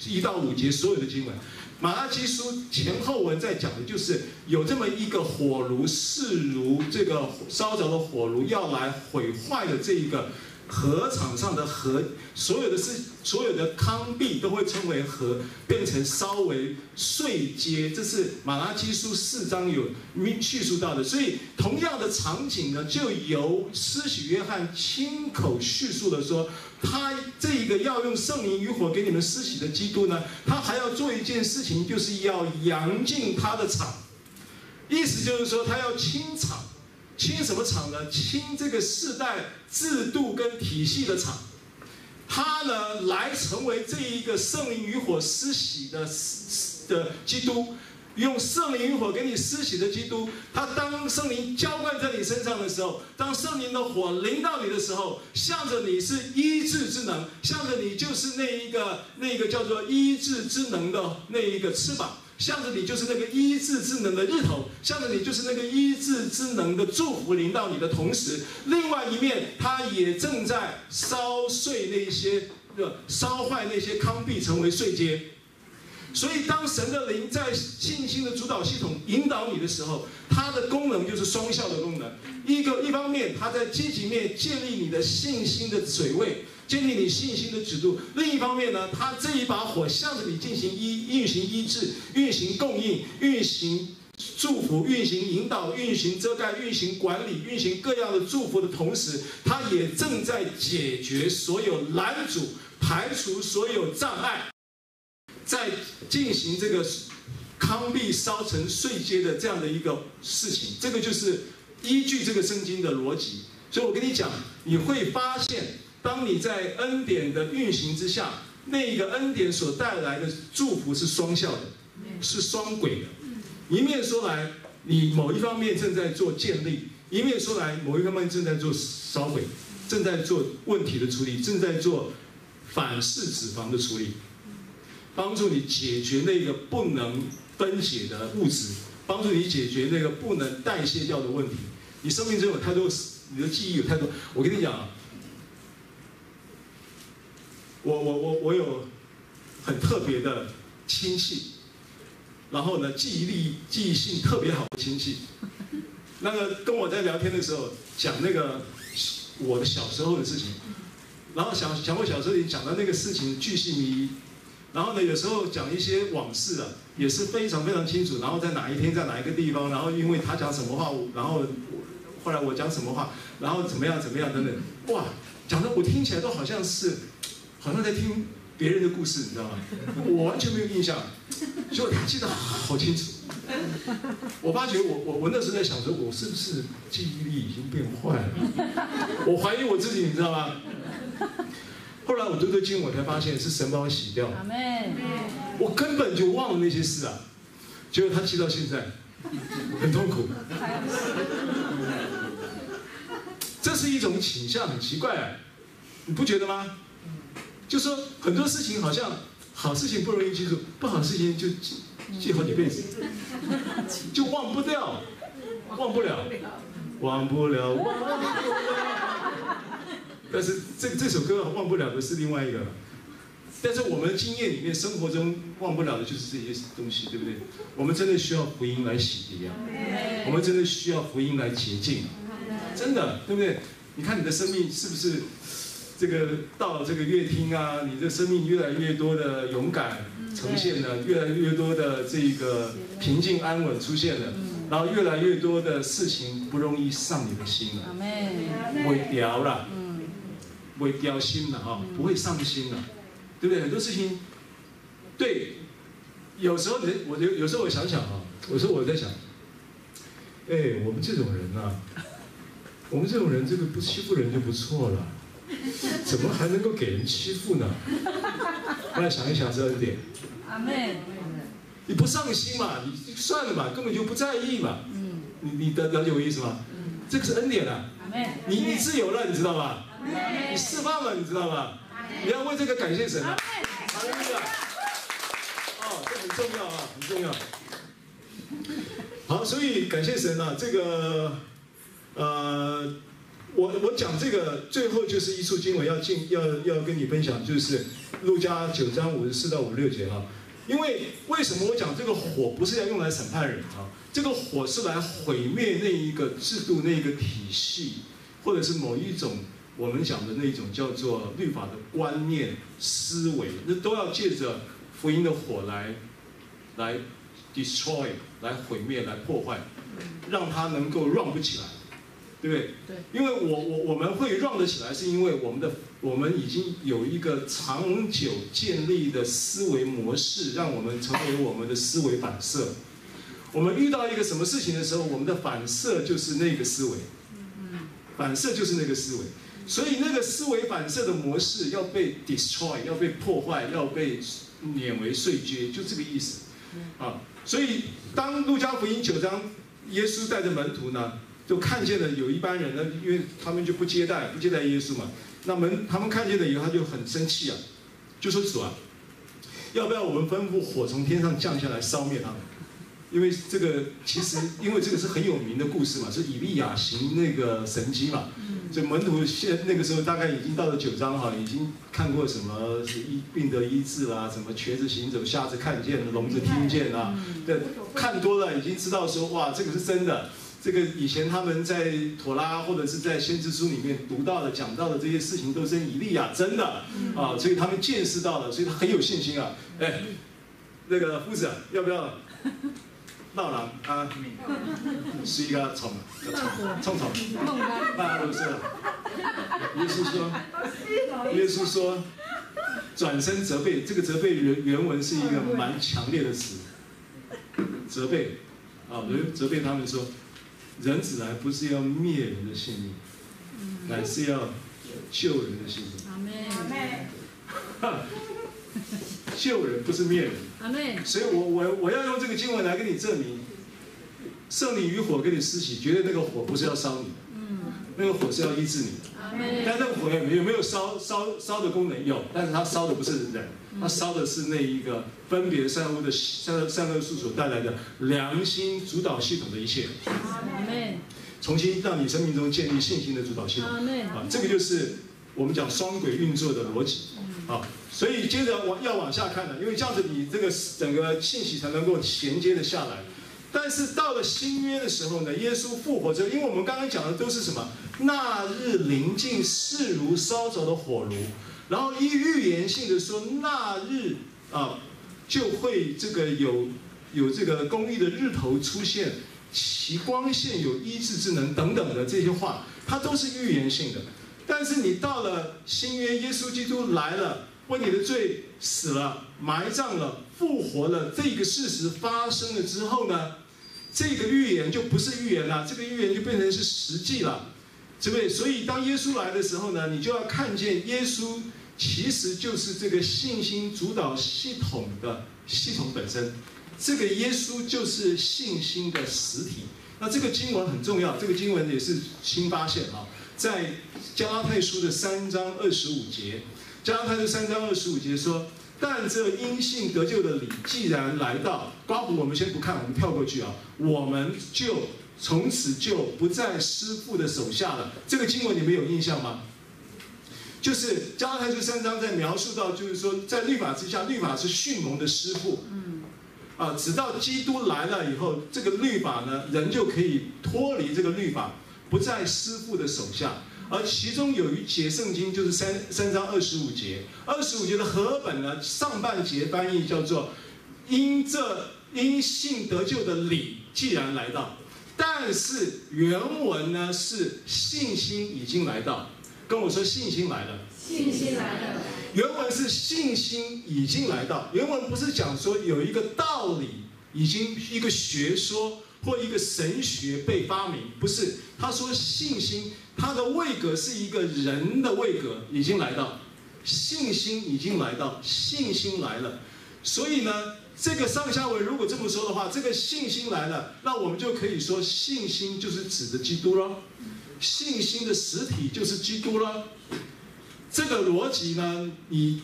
一到五節所有的經文。馬拉基書前後文在講的就是有這麼一個火爐，勢如這個燒着的火爐要來毀壞的這一個禾場上的禾，所有的是所有的糠秕都會稱為禾，變成燒為碎秸。這是馬拉基書四章有敘述到的，所以同樣的場景呢，就由施洗約翰親口敘述的說。他這一個要用聖靈與火給你們施洗的基督呢，他還要做一件事情，就是要揚淨他的場，意思就是說他要清場，清什麼場呢？清這個世代制度跟體系的場，他呢來成為這一個聖靈與火施洗的的基督。用聖靈與火給你施洗的基督，他當聖靈澆灌在你身上的時候，當聖靈的火臨到你的時候，向着你是醫治之能，向着你就是那一個那一個叫做醫治之能的那一個翅膀，向着你就是那個醫治之能的日頭，向着你就是那個醫治之能的祝福臨到你的同時，另外一面他也正在燒碎那些，燒壞那些糠秕，成為碎階。所以，當神的靈在信心的主導系統引導你的時候，它的功能就是雙效的功能。一個，一方面，它在積極面建立你的信心的水位，建立你信心的指數；另一方面呢，它這一把火向着你進行醫運行醫治、運行供應、運行祝福、運行引導、運行遮蓋、運行管理、運行各樣的祝福的同時，它也正在解決所有攔阻、排除所有障礙。在進行這個糠秕燒成碎屑的這樣的一個事情，這個就是依據這個聖經的邏輯。所以我跟你講，你會發現，當你在恩典的運行之下，那一個恩典所帶來的祝福是雙向的，是雙軌的。一面說來，你某一方面正在做建立；一面說來，某一方面正在做燒毀，正在做問題的處理，正在做反式脂肪的處理。幫助你解決那個不能分解的物質，幫助你解決那個不能代謝掉的問題。你生命中有太多，你的記憶有太多。我跟你講，我我我我有很特別的親戚，然後呢記憶力、記憶性特別好的親戚。那個跟我在聊天的時候講那個我的小時候的事情，然後想想我小時候也講到那個事情，巨細靡。然後呢，有時候講一些往事啊，也是非常非常清楚。然後在哪一天，在哪一個地方，然後因為他講什麼話，我然後我後來我講什麼話，然後怎麼樣怎麼樣等等，哇，講的我聽起來都好像是，好像在聽別人的故事，你知道嗎？我完全沒有印象，就記得好清楚。我發覺我我我那時候在想着，我是不是記憶力已經變壞了？我懷疑我自己，你知道嗎？後來我對着鏡，我才發現是神幫我洗掉。我根本就忘了那些事啊，結果他記到現在，很痛苦。這是一種傾向，很奇怪啊，你不覺得嗎？就說很多事情好像好事情不容易記住，不好事情就記好幾輩子，就忘不掉，忘不了，忘不了，忘不了。但是這這首歌忘不了的是另外一個，但是我們經驗裡面生活中忘不了的就是這些東西，對不對？我們真的需要福音來洗滌啊，我們真的需要福音來潔淨啊，真的，對不對？你看你的生命是不是這個到了這個樂廳啊，你的生命越來越多的勇敢呈現了，嗯、越來越多的這個平靜安穩出現了，嗯、然後越來越多的事情不容易上你的心了，我聊、嗯、了。嗯不會掉心的啊，不會上心的，對不對？很多事情，對，有時候人，我就，有時候我想想啊，我有時候我在想，哎，我們這種人啊，我們這種人這個不欺負人就不錯了，怎麼還能夠給人欺負呢？後來想一想，是恩典。阿門，你不上心嘛，你算了嘛，根本就不在意嘛。你你得了解我意思嗎？這個是恩典啊。阿門，你你自由了，你知道吧？ 你釋放了，你知道嗎？你要為這個感謝神啊！好，這 個、oh, 很重要啊，很重要。 好，所以感謝神啊，這個呃，我我講這個最後就是一處經文要進要要跟你分享，就是路加九章五十四到五六節啊、哦。因為為什麼我講這個火不是要用來審判人啊？這個火是來毀滅那一個制度、那一個體系，或者是某一種。我們講的那種叫做律法的觀念思維，那都要借着福音的火來來 destroy，來毀滅，來破壞，讓它能夠 run 不起來，對不對？對。因為我我我們會 run 得起來，是因為我們的我們已經有一個長久建立的思維模式，讓我們成為我們的思維反射。我們遇到一個什麼事情的時候，我們的反射就是那個思維，反射就是那個思維。所以那個思維反射的模式要被 destroy，要被破壞，要被碾為碎屑，就這個意思啊。所以當路加福音九章，耶穌帶着門徒呢，就看見了有一班人呢，因為他們就不接待，不接待耶穌嘛。那麼他們看見了以後，他就很生氣啊，就說主啊，要不要我們吩咐火從天上降下來燒滅他們？因為這個其實，因為這個是很有名的故事嘛，是以利亞行那個神蹟嘛。就門徒現那個時候大概已經到了九章哈，已經看過什麼醫病得醫治啦，什麼瘸子行走、瞎子看見、聾子聽見啊，對，看多了已經知道說哇，這個是真的。這個以前他們在妥拉或者是在先知書裡面讀到的、講到的這些事情都是以利亞真的啊，所以他們見識到了，所以他很有信心啊。哎，那個夫子要不要？鬧郎、啊，啊，蟲蟲創啊，創創創，耶穌說，耶穌說，轉身責備，這個責備原原文是一個蠻強烈的詞，責備啊，責、哦呃、責備他們說，人子來不是要滅人的性命，乃是要救人的性命。阿門阿門。 救人不是滅人，阿門。所以我，我我我要用這個經文來跟你證明，聖靈與火給你施洗，絕對那個火不是要燒你的，嗯，那個火是要醫治你的，嗯、但那個火也沒有沒有燒燒燒的功能用，但是它燒的不是人的它燒的是那一個分別善惡的善善惡樹所帶來的良心主導系統的一切，阿門、嗯、重新讓你生命中建立信心的主導系統，阿門、嗯、啊，這個就是我們講雙軌運作的邏輯。好，所以接着往要往下看了，因為這樣子你這個整個信息才能夠銜接的下來。但是到了新約的時候呢，耶穌復活之後，因為我們剛剛講的都是什麼，那日臨近，勢如燒着的火爐，然後以預言性的說，那日啊就會這個有有這個公義的日頭出現，其光線有醫治之能等等的這些話，它都是預言性的。但是你到了新約，耶穌基督來了，為你的罪死了、埋葬了、復活了，這個事實發生了之後呢，這個預言就不是預言了，這個預言就變成是實際了，對不對？所以當耶穌來的時候呢，你就要看見耶穌其實就是這個信心主導系統的系統本身，這個耶穌就是信心的實體。那這個經文很重要，這個經文也是新發現啊，在。加拉太書的三章二十五節，加拉太書三章二十五節說：“但這因信得救的理，既然來到，瓜婦，我們先不看，我們跳過去啊、哦。我們就從此就不在師傅的手下了。”這個經文你們有印象嗎？就是加拉太書三章在描述到，就是說在律法之下，律法是訓蒙的師傅，嗯，啊，直到基督來了以後，這個律法呢，人就可以脫離這個律法，不在師傅的手下。而其中有一節聖經，就是三三章二十五節。二十五節的合本呢，上半節翻譯叫做“因這因信得救的理既然來到”，但是原文呢是“信心已經來到”。跟我說信心來了，信心來了。原文是信心已經來到。原文不是講說有一個道理，已經一個學說。或一個神學被發明，不是，他說信心，他的位格是一個人的位格已經來到，信心已經來到，信心來了，所以呢，這個上下文如果這麼說的話，這個信心來了，那我們就可以說信心就是指的基督咯，信心的實體就是基督咯，這個邏輯呢，你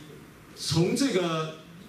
從這個。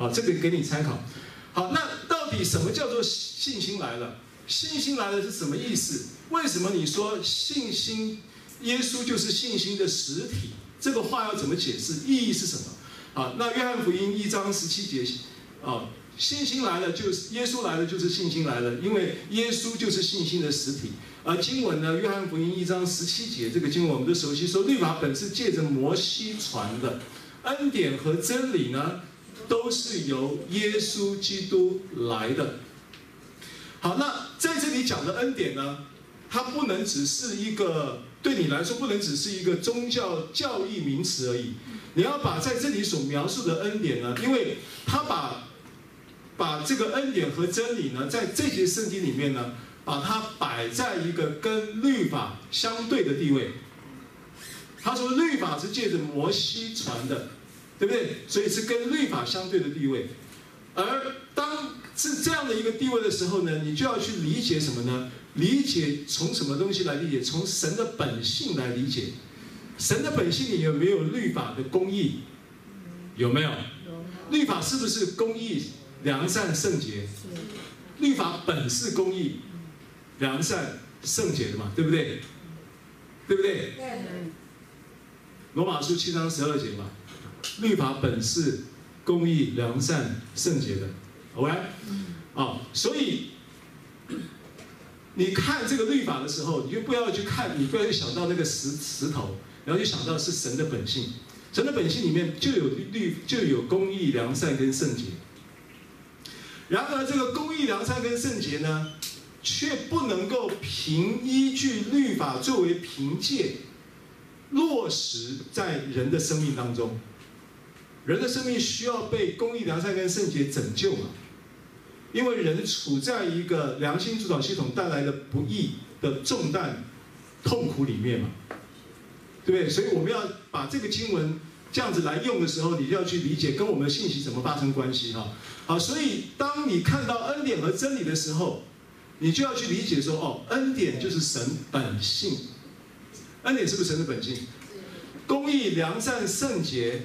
好、哦，這個給你參考。好，那到底什麼叫做信心來了？信心來了是什麼意思？為什麼你說信心耶穌就是信心的實體？這個話要怎麼解釋？意義是什麼？啊，那約翰福音一章十七節，哦、信心來了就是耶穌來了，就是信心來了，因為耶穌就是信心的實體。而經文呢，約翰福音一章十七節這個經文我們都熟悉說，說律法本是借着摩西傳的，恩典和真理呢，都是由耶穌基督來的。好，那在這裡講的恩典呢，它不能只是一個，對你來說不能只是一個宗教教義名詞而已。你要把在這裡所描述的恩典呢，因為他把把這個恩典和真理呢，在這些聖經裡面呢，把它擺在一個跟律法相對的地位。他說，律法是借着摩西傳的。對不對？所以是跟律法相對的地位，而當是這樣的一個地位的時候呢，你就要去理解什麼呢？理解從什麼東西來理解？從神的本性來理解。神的本性裡有沒有律法的公義？有沒有？律法是不是公義、良善、聖潔？律法本是公義、良善、聖潔的嘛，對不對？對不對？對很羅馬書七章十二節嘛。律法本是公義、良善、聖潔的，OK？啊，哦，所以你看這個律法的時候，你就不要去看，你不要去想到那個石石頭，然後就想到是神的本性。神的本性裡面就有律、就有公義、良善跟聖潔。然而，這個公義、良善跟聖潔呢，卻不能夠憑依據律法作為憑借，落實在人的生命當中。人的生命需要被公義、良善跟聖潔拯救嘛，因為人處在一個良心主導系統帶來的不義的重擔、痛苦裡面嘛，對不對？所以我們要把這個經文這樣子來用的時候，你就要去理解跟我們的信息怎麼發生關係哈。好，好，所以當你看到恩典和真理的時候，你就要去理解說，哦，恩典就是神本性，恩典是不是神的本性？公義、良善、聖潔。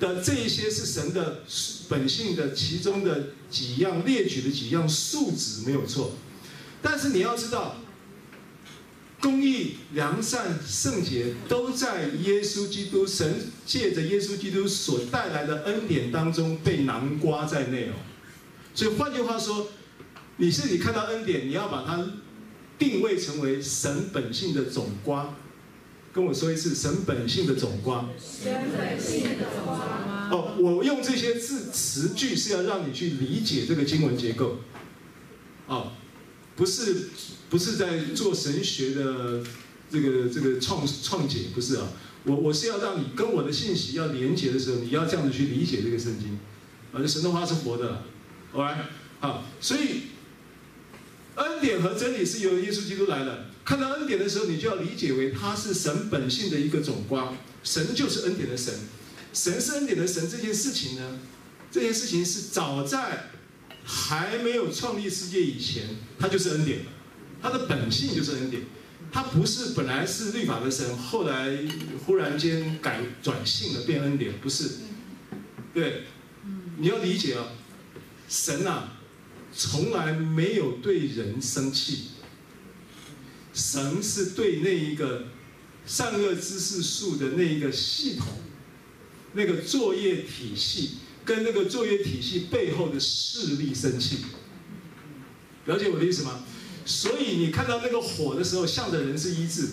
的這一些是神的本性的其中的幾樣，列舉的幾樣素質，沒有錯，但是你要知道，公義、良善、聖潔都在耶穌基督，神借着耶穌基督所帶來的恩典當中被囊括在內哦。所以換句話說，你是你看到恩典，你要把它定位成為神本性的總括。跟我說一次，神本性的總括。神本性的總括。哦，我用這些字詞句是要讓你去理解這個經文結構，哦，不是不是在做神學的這個這個創創解，不是啊，我我是要讓你跟我的信息要連接的時候，你要這樣子去理解這個聖經，哦，神的話是活的了，OK，好，所以恩典和真理是由耶穌基督來的，看到恩典的時候，你就要理解為他是神本性的一個總光，神就是恩典的神。神是恩典的神，這件事情呢，這件事情是早在還沒有創立世界以前，他就是恩典，他的本性就是恩典，他不是本來是律法的神，後來忽然間改轉性了變恩典，不是？對，你要理解啊，神啊，從來沒有對人生氣，神是對那一個善惡知識樹的那一個系統。那個作業體系跟那個作業體系背後的勢力生氣，了解我的意思嗎？所以你看到那個火的時候，向着人是一致，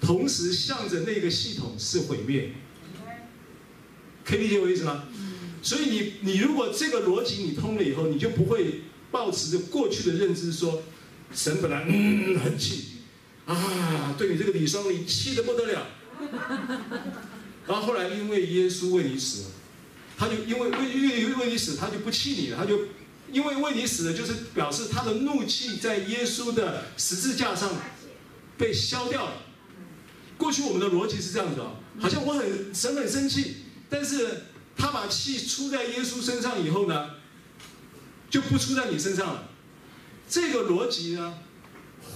同時向着那個系統是毀滅。可以理解我的意思嗎？所以你你如果這個邏輯你通了以後，你就不會抱持著過去的認知說，說神本來、嗯嗯、很氣，啊，對你這個李雙林氣得不得了。然後後來，因為耶穌為你死了，他就因為為，因為為你死，他就不氣你了。他就因為為你死了，就是表示他的怒氣在耶穌的十字架上被消掉了。過去我們的邏輯是這樣子哦，好像我很神很生氣，但是他把氣出在耶穌身上以後呢，就不出在你身上了。這個邏輯呢，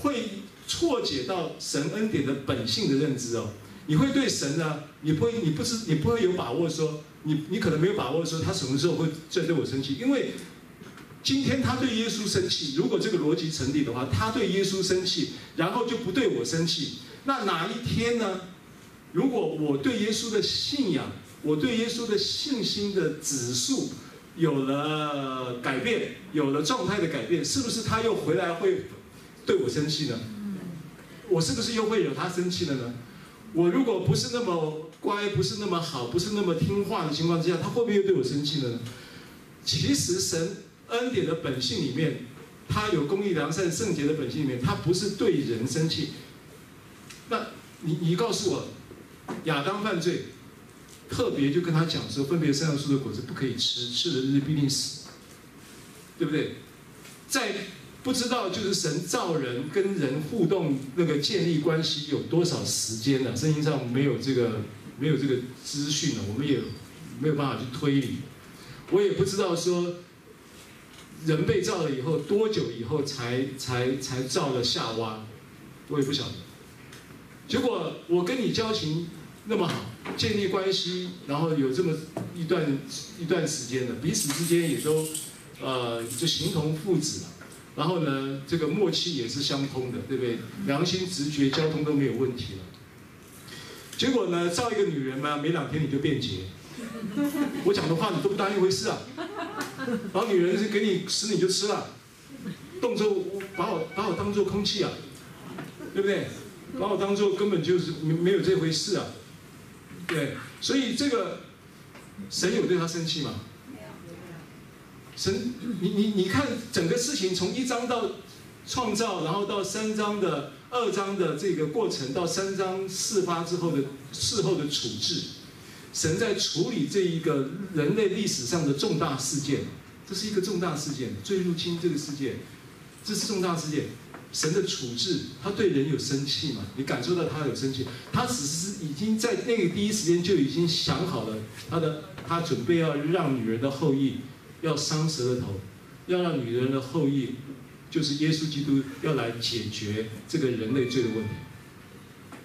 會錯解到神恩典的本性的認知哦。你會對神呢？你不會，你不是，你不會有把握說，你你可能沒有把握說他什麼時候會再對我生氣？因為今天他對耶穌生氣，如果這個邏輯成立的話，他對耶穌生氣，然後就不對我生氣。那哪一天呢？如果我對耶穌的信仰，我對耶穌的信心的指數有了改變，有了狀態的改變，是不是他又回來會對我生氣呢？我是不是又會惹他生氣的呢？我如果不是那麼乖，不是那麼好，不是那麼聽話的情況之下，他會不會又對我生氣呢？其實神恩典的本性裡面，他有公義、良善、聖潔的本性裡面，他不是對人生氣。那你你告訴我，亞當犯罪，特別就跟他講說，分別善惡樹的果子不可以吃，吃了日必定死，對不對？在。不知道就是神造人跟人互動那個建立關係有多少時間了啊？聖經上沒有這個沒有這個資訊了，我們也沒有辦法去推理。我也不知道說人被造了以後多久以後才才才造了夏娃，我也不曉得。結果我跟你交情那麼好，建立關係，然後有這麼一段一段時間了，彼此之間也都呃就形同父子了。然後呢，這個默契也是相通的，對不對？良心、直覺、交通都沒有問題了。結果呢，造一個女人嘛，沒兩天你就變節。我講的話你都不當一回事啊。然後女人是給你吃你就吃了，動作把我把我當作空氣啊，對不對？把我當作根本就是沒沒有這回事啊。對，所以這個神有對他生氣嗎？神，你你你看，整個事情從一章到創造，然後到三章的二章的這個過程，到三章事發之後的事後的處置。神在處理這一個人類歷史上的重大事件，這是一個重大事件，罪入侵這個世界，這是重大事件。神的處置，他對人有生氣嘛？你感受到他有生氣？他只是已經在那個第一時間就已經想好了，他的他準備要讓女人的後裔。要傷蛇的頭，要讓女人的後裔，就是耶穌基督要來解決這個人類罪的問題。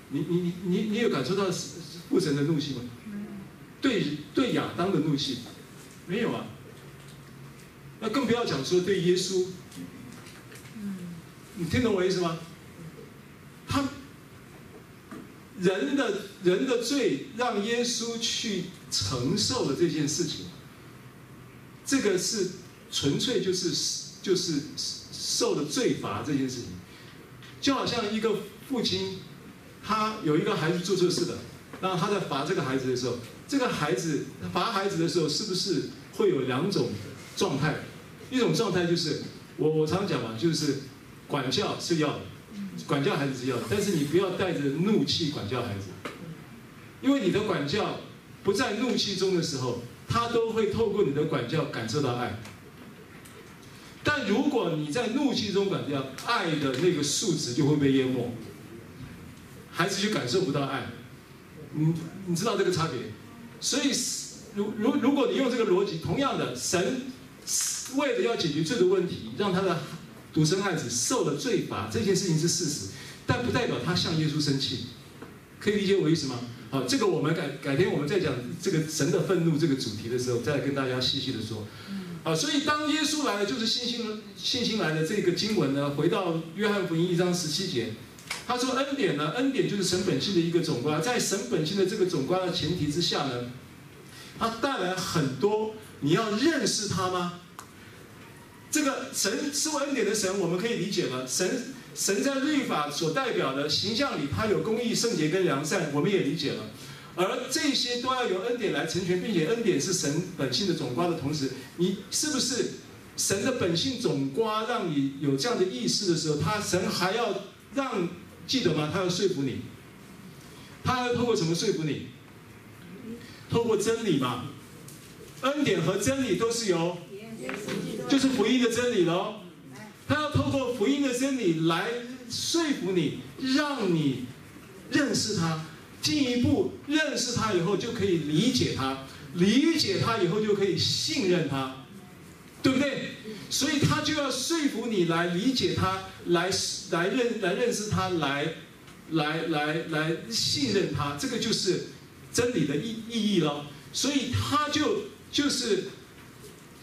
你你你你你有感受到父神的怒氣嗎？對，對亞當的怒氣沒有啊。那更不要講說對耶穌。你聽懂我意思嗎？他人的人的罪讓耶穌去承受了這件事情。這個是純粹就是就是受的罪罰這件事情，就好像一個父親，他有一個孩子做錯事了，然後他在罰這個孩子的時候，這個孩子罰孩子的時候，是不是會有兩種狀態？一種狀態就是我我常常講嘛，就是管教是要管教孩子是要的，但是你不要帶着怒氣管教孩子，因為你的管教不在怒氣中的時候。他都會透過你的管教感受到愛，但如果你在怒氣中管教，愛的那個數值就會被淹沒，孩子就感受不到愛。你你知道這個差別？所以，如如如果你用這個邏輯，同樣的，神為了要解決罪的問題，讓他的獨生愛子受了罪罰，這件事情是事實，但不代表他向耶穌生氣，可以理解我意思嗎？好，這個我們改改天，我們再講這個神的憤怒這個主題的時候，再跟大家細細的說。啊，所以當耶穌來了，就是信心信心來了這個經文呢，回到約翰福音一章十七節，他說恩典呢，恩典就是神本性的一個總觀，在神本性的這個總觀的前提之下呢，他帶來很多，你要認識他嗎？這個神是我恩典的神，我們可以理解嗎？神。神在律法所代表的形象裡，它有公義、聖潔跟良善，我們也理解了。而這些都要由恩典來成全，並且恩典是神本性的總括的同時，你是不是神的本性總括讓你有這樣的意識的時候，他神還要讓記得嗎？他要說服你，他要透過什麼說服你？透過真理嗎？恩典和真理都是由，就是福音的真理嘍。他要透過福音的真理來說服你，讓你認識他，進一步認識他以後就可以理解他，理解他以後就可以信任他，對不對？所以他就要說服你來理解他，來來認來認識他，來來來來，來信任他。這個就是真理的意意義了。所以他就就是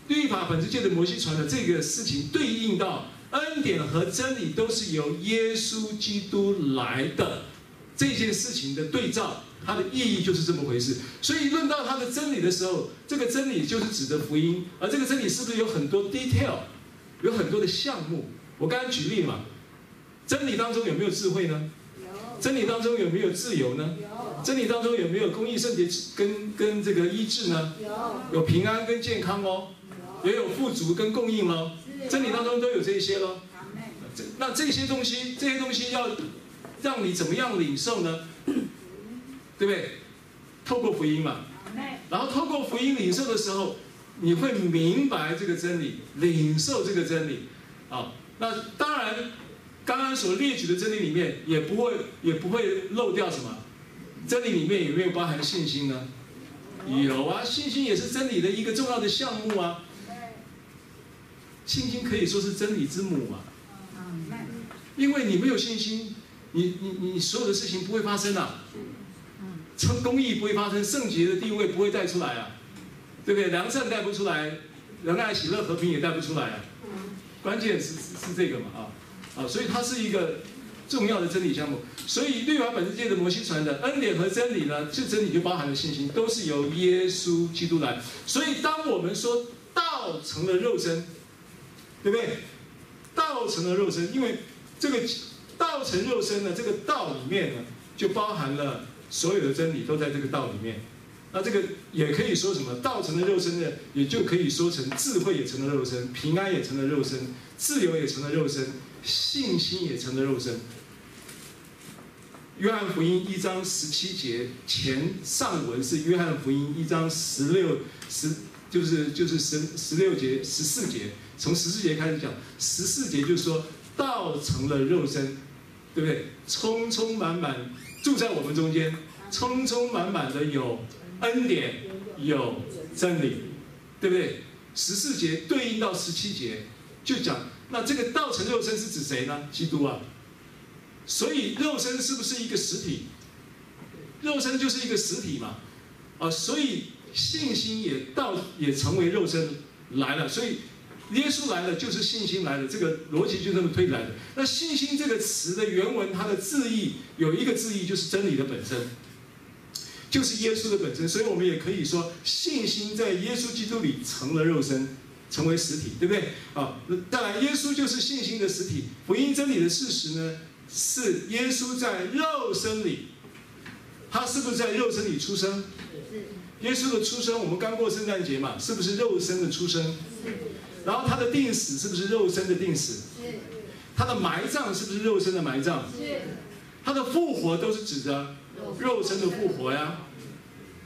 律法本質界的摩西傳的這個事情對應到。恩典和真理都是由耶穌基督來的，這件事情的對照，它的意義就是這麼回事。所以論到它的真理的時候，這個真理就是指的福音，而這個真理是不是有很多 detail，有很多的項目？我剛剛舉例嘛，真理當中有沒有智慧呢？真理當中有沒有自由呢？真理當中有沒有公益、聖潔跟跟這個醫治呢？有平安跟健康哦。也有富足跟供應嗎？真理當中都有這些咯，那這些東西，這些東西要讓你怎麼樣領受呢？對不對？透過福音嘛，然後透過福音領受的時候，你會明白這個真理，領受這個真理。啊，那當然，剛剛所列舉的真理裡面，也不會也不會漏掉什麼。真理裡面有沒有包含信心呢？有啊，信心也是真理的一個重要的項目啊。信心可以說是真理之母嘛。因為你沒有信心，你你你所有的事情不會發生啊。嗯，成公義不會發生，聖潔的地位不會帶出來啊，對不對？良善帶不出來，仁愛、喜樂、和平也帶不出來啊。嗯，關鍵是是,是這個嘛啊啊，所以它是一個重要的真理項目。所以，律法本是藉著摩西傳的恩典和真理呢，這真理就包含了信心，都是由耶穌基督來。所以，當我們說道成了肉身。對不對？道成了肉身，因為這個道成肉身呢，這個道裡面呢，就包含了所有的真理都在這個道裡面。那這個也可以說什麼？道成了肉身呢，也就可以說成智慧也成了肉身，平安也成了肉身，自由也成了肉身，信心也成了肉身。約翰福音一章十七節前上文是約翰福音一章十六十，就是就是十十六節十四節。從十四節開始講，十四節就是說道成了肉身，對不對？充充滿滿住在我們中間，充充滿滿的有恩典，有真理，對不對？十四節對應到十七節，就講那這個道成肉身是指誰呢？基督啊！所以肉身是不是一個實體？肉身就是一個實體嘛，啊、呃！所以信心也道也成為肉身來了，所以。耶穌來了，就是信心來了。這個邏輯就這麼推出來的。那信心這個詞的原文，它的字義有一個字義，就是真理的本身，就是耶穌的本身。所以我們也可以說，信心在耶穌基督裡成了肉身，成為實體，對不對？啊，那當然，耶穌就是信心的實體。福音真理的事實呢，是耶穌在肉身裡，他是不是在肉身裡出生？耶穌的出生，我們剛過聖誕節嘛，是不是肉身的出生？然後他的定死是不是肉身的定死？他的埋葬是不是肉身的埋葬？他的復活都是指著肉身的復活呀，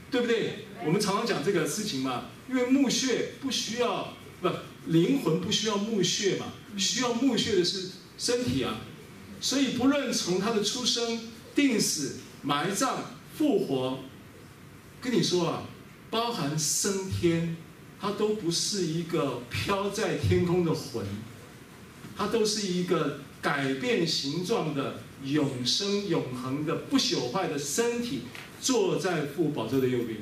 對不對？我們常常講這個事情嘛，因為墓穴不需要，不靈魂不需要墓穴嘛，需要墓穴的是身體啊。所以不論從他的出生、定死、埋葬、復活，跟你說啊，包含升天。它都不是一個飄在天空的魂，它都是一個改變形狀、的永生、永恆的不朽壞的身體，坐在父寶座的右邊。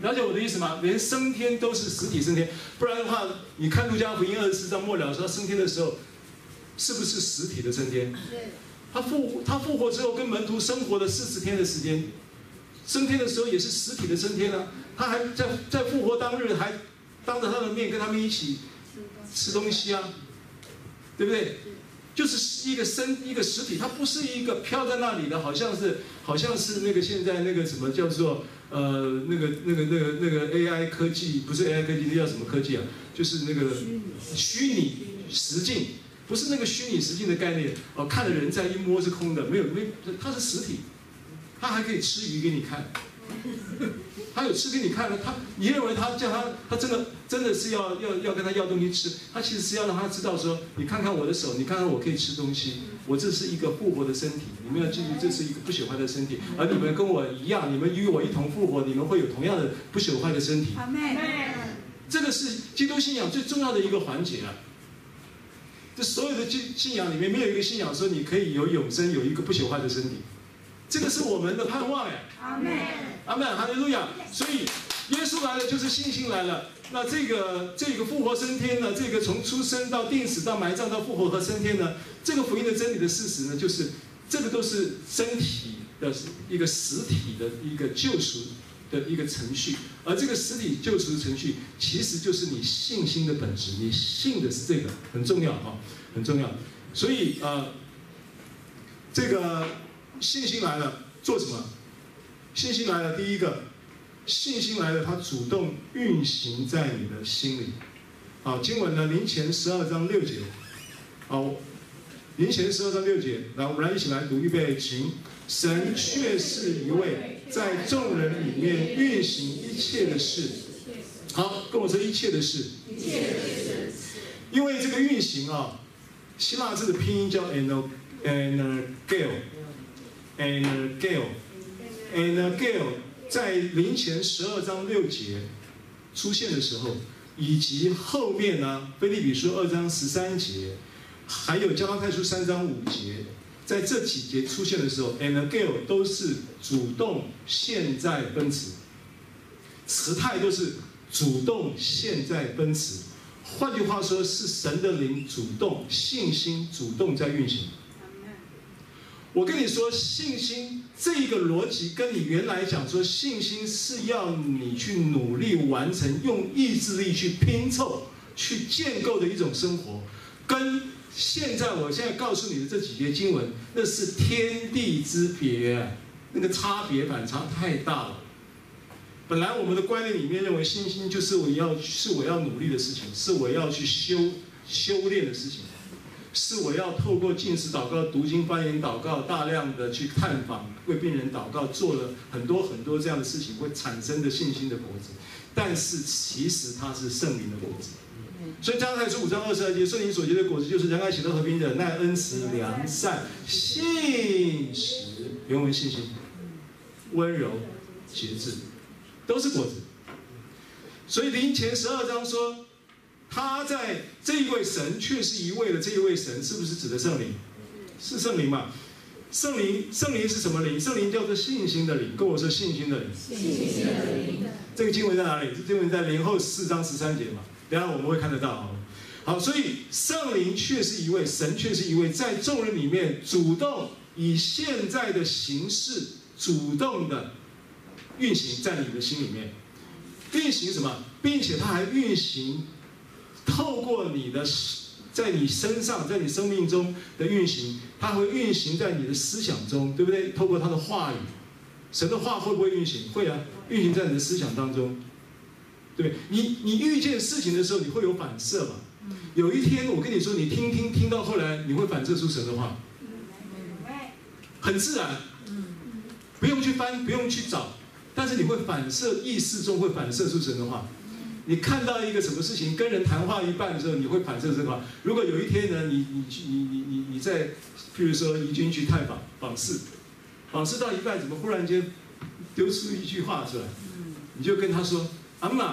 了解，嗯嗯、我的意思嗎？連升天都是實體升天，不然的話，你看《路加福音》二四在末了說他升天的時候，是不是實體的升天？對。他復他復活之後跟門徒生活了四十天的時間，升天的時候也是實體的升天了、啊。他還在在復活當日還當着他的面跟他們一起吃東西啊，對不對？就是一個身，一個實體，它不是一個飄在那裡的，好像是好像是那個現在那個什麼叫做呃那個那個那個那個 AI 科技，不是 AI 科技，那叫什麼科技啊？就是那個虛擬實、虛擬實境，不是那個虛擬實境的概念哦。看的人在一摸是空的，沒有沒有，它是實體，它還可以吃魚給你看。 他有吃給你看的，他你認為他叫他，他真的真的是要要要跟他要東西吃，他其實是要讓他知道說，你看看我的手，你看看我可以吃東西，我這是一個復活的身體，你們要記住這是一個不朽壞的身體，而你們跟我一樣，你們與我一同復活，你們會有同樣的不朽壞的身體。阿門、阿門。這個是基督信仰最重要的一個環節啊，這所有的信信仰裡面沒有一個信仰說你可以有永生，有一個不朽壞的身體。這個是我們的盼望哎，阿門 Amen，阿門，哈利路亞。所以，耶穌來了就是信心來了。那這個這個復活升天呢？這個從出生到定死到埋葬到復活和升天呢？這個福音的真理的事實呢，就是這個都是身體的一個實體的一個救贖的一個程序。而這個實體救贖的程序，其實就是你信心的本質。你信的是這個，很重要啊，很重要。所以呃，這個。信心來了做什麼？信心來了，第一個，信心來了，它主動運行在你的心裡。好，今晚呢，林前十二章六節。好，林前十二章六節，來，我們來一起來讀預備，請。神卻是一位在眾人裡面運行一切的事。好，跟我說一切的事。一切的事。因為這個運行啊，希臘字的拼音叫 ano anagale。And gale, and gale 在林前十二章六節出現的時候，以及後面呢、啊，腓立比書二章十三節，還有加拉太書三章五節，在這幾節出現的時候，and a gale 都是主動現在分詞，時態都是主動現在分詞。換句話說，是神的靈主動，信心主動在運行。我跟你說，信心這一個邏輯，跟你原來講說信心是要你去努力完成，用意志力去拼湊、去建構的一種生活，跟現在我現在告訴你的這幾節經文，那是天地之別，那個差別反差太大了。本來我們的觀念裡面認為信心就是我要，是我要努力的事情，是我要去修修煉的事情。是我要透過禁食禱告、讀經發言禱告，大量的去探訪、為病人禱告，做了很多很多這樣的事情，會產生的信心的果子。但是其實它是聖靈的果子，mm hmm. 所以加拉太書五章二十二節，聖靈所結的果子就是仁愛、喜樂、和平、忍耐、恩慈、良善、信實、原文信心、溫柔、節制，都是果子。所以林前十二章說。他在這一位神卻是一位的，這一位神是不是指的聖靈？是聖靈嘛？聖靈，聖靈是什麼靈？聖靈叫做信心的靈，跟我說信心的靈。信心的靈。的靈，這個經文在哪裡？這經文在林後四章十三節嘛？等下我們會看得到，哦，好好，所以聖靈卻是一位，神卻是一位在眾人裡面主動以現在的形式主動的運行在你的心裡面，運行什麼？並且他還運行。透過你的，在你身上，在你生命中的運行，它會運行在你的思想中，對不對？透過他的話語，神的話會不會運行？會啊，運行在你的思想當中，對不對？你你遇見事情的時候，你會有反射嘛。有一天我跟你說，你聽聽聽到後來，你會反射出神的話，很自然，不用去翻，不用去找，但是你會反射，意識中會反射出神的話。你看到一個什麼事情，跟人談話一半的時候，你會反射什麼？如果有一天呢，你你你你你你，你你你在譬如說，宜君去探訪訪視，訪視到一半，怎麼忽然間丟出一句話出來？你就跟他說：“嗯、阿嬤，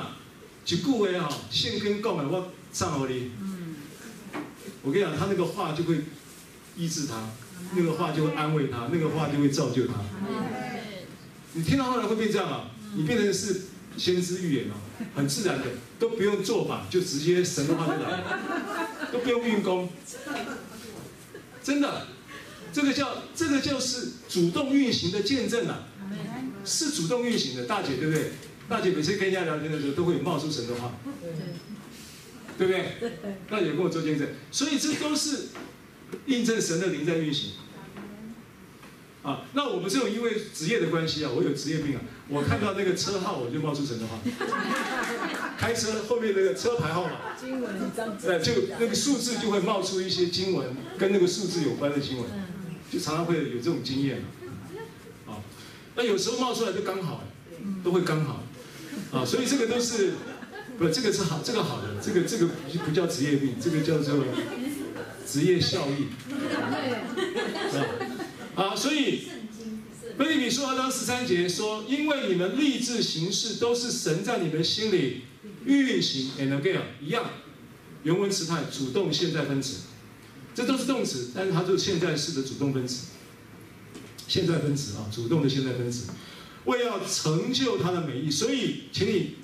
請各位啊，先跟購買我上好的。嗯”我跟你講，他那個話就會醫治他，那個話就會安慰他，那個話就會造就他。嗯、你聽到後來會變這樣啊？你變成是先知預言啊。很自然的，都不用做法，就直接神的話就來了，都不用運功，真的，這個叫這個就是主動運行的見證啊，是主動運行的，大姐對不對？大姐每次跟人家聊天的時候都會冒出神的話，對不對？大姐跟我做見證，所以這都是印證神的靈在運行啊。那我們這種因為職業的關係啊，我有職業病啊。我看到那個車號，我就冒出什麼話？開車後面那個車牌號碼，就那個數字就會冒出一些經文，跟那個數字有關的經文，就常常會有這種經驗啊。那有時候冒出來就剛好，都會剛好啊，所以這個都是不，這個是好，這個好的，這個這個不叫職業病，這個叫做職業效益。啊，啊，啊啊，所以。腓立比書二章十三節說：“因為你們立志行事，都是神在你們心裡運行。” And again，一樣，原文詞態主動現在分詞，這都是動詞，但是它就是現在式的主動分詞，現在分詞啊，主動的現在分詞。為要成就他的美意，所以請你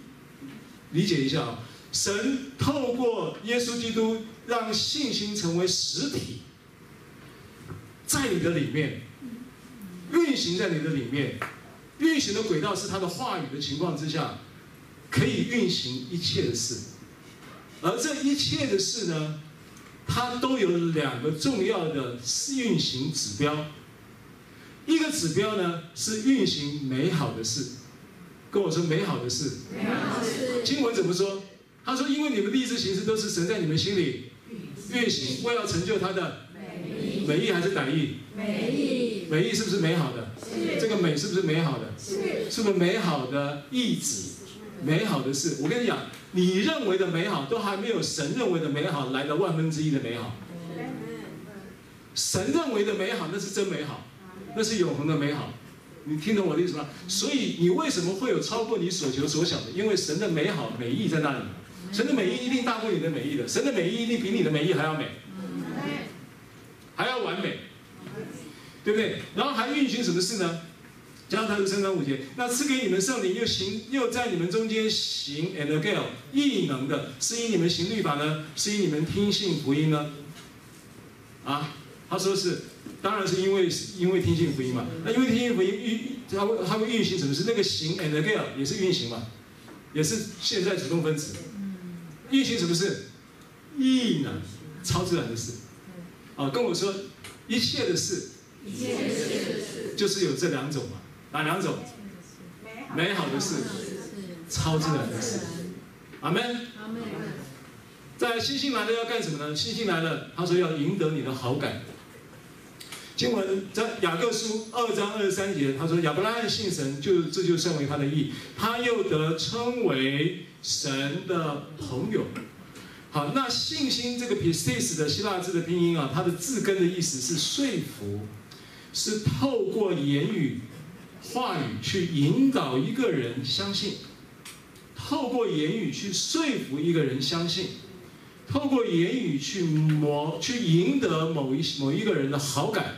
理解一下啊，神透過耶穌基督，讓信心成為實體，在你的裡面。運行在你的裡面，運行的軌道是他的話語的情況之下，可以運行一切的事，而這一切的事呢，它都有兩個重要的運行指標，一個指標呢是運行美好的事，跟我說美好的事，美好事經文怎麼說？他說因為你們立志行事都是神在你們心裡運行，為了成就他的美意，美意還是歹意？美意，美意是不是美好的？是這個美是不是美好的？是，是不是美好的意志，美好的事？我跟你講，你認為的美好都還沒有神認為的美好來的萬分之一的美好。神認為的美好那是真美好，那是永恆的美好。你聽懂我的意思嗎？所以你為什麼會有超過你所求所想的？因為神的美好美意在那裡，神的美意一定大過你的美意的，神的美意一定比你的美意還要美，還要完美。對不對？然後還運行什麼事呢？加拉太書三章五節，那賜給你們聖靈又行又在你們中間行，and a gale 異能的，是因你們行律法呢？是因你們聽信福音呢？啊，他說是，當然是因為因為聽信福音嘛。那因為聽信福音運，他會他會運行什麼事？那個行，and a gale 也是運行嘛，也是現在主動分詞。運行什麼事？異能，超自然的事。啊，跟我說一切的事。Yes. 就是有這兩種嘛？哪兩種？美好的事、的事對超自然的事。阿門。阿 Amen Amen 在信心來了要幹什麼呢？信心來了，他說要贏得你的好感。經文在雅各書二章二十三節，他說亞伯拉罕信神，就這就算為他的義，他又得稱為神的朋友。好，那信心這個 pistis 的希臘字的拼音啊，它的字根的意思是說服。是透過言語、話語去引導一個人相信，透過言語去說服一個人相信，透過言語去磨，去贏得某一某一個人的好感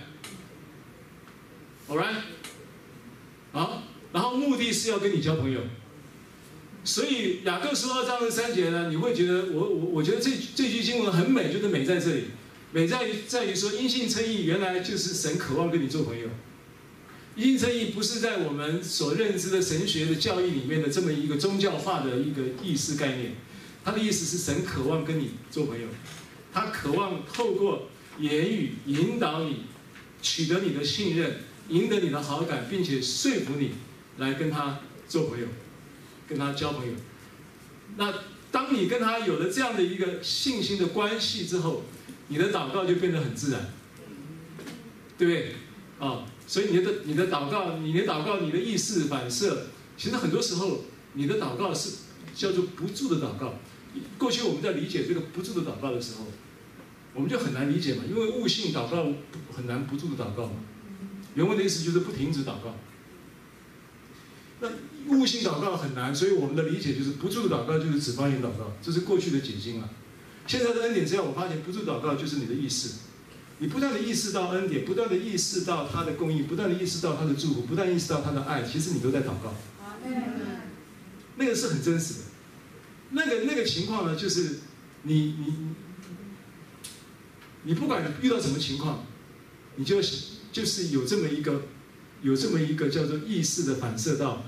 ，all right，好，啊，然後目的是要跟你交朋友。所以雅各書二章三節呢，你會覺得我我我覺得這這句經文很美，就是美在這裡。美在於在於說，因信稱義原來就是神渴望跟你做朋友。因信稱義不是在我們所認知的神學的教義裡面的這麼一個宗教化的一個意思概念，它的意思是神渴望跟你做朋友，他渴望透過言語引導你，取得你的信任，贏得你的好感，並且說服你來跟他做朋友，跟他交朋友。那當你跟他有了這樣的一個信心的關係之後，你的禱告就變得很自然，對不對？啊、哦，所以你的你的禱告，你的禱告，你的意識反射，其實很多時候你的禱告是叫做不住的禱告。過去我們在理解這個不住的禱告的時候，我們就很難理解嘛，因為悟性禱告很難不住的禱告嘛。原文的意思就是不停止禱告。那悟性禱告很難，所以我們的理解就是不住的禱告就是指方言禱告，這是過去的解經啊。現在的恩典之下，只要我發現不住禱告，就是你的意識。你不斷的意識到恩典，不斷的意識到他的供應，不斷的意識到他的祝福，不斷意識到他的愛。其實你都在禱告。那個，那個是很真實的。那個那個情況呢，就是你你你不管遇到什麼情況，你就就是有這麼一個有這麼一個叫做意識的反射到。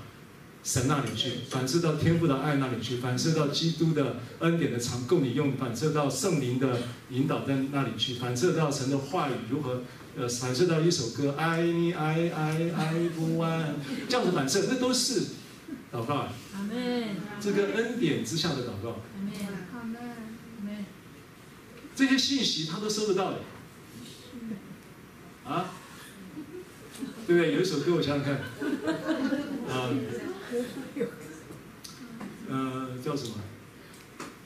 神那裡去，反射到天父的愛那裡去，反射到基督的恩典的常供你用，反射到聖靈的引導在那裡去，反射到神的話語如何，呃，反射到一首歌，愛你愛愛愛不完，這樣子反射，那都是禱告。啊，這個恩典之下的禱告。這些信息他都收得到的。啊？對不對？有一首歌，我想想看。啊。 呃，叫什麼？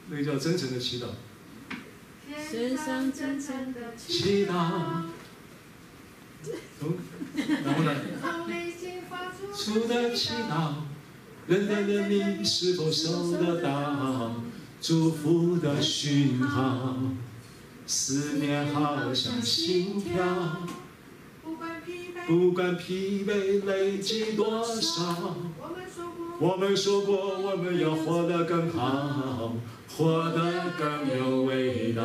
那個叫真誠的祈禱。上真誠的祈禱，從拿過來。出 的祈禱，人的心是否收得到祝福的訊號？思念好像心跳， 不管疲憊，疲憊累積多少。我們說過，我們要活得更好，活得更有味道。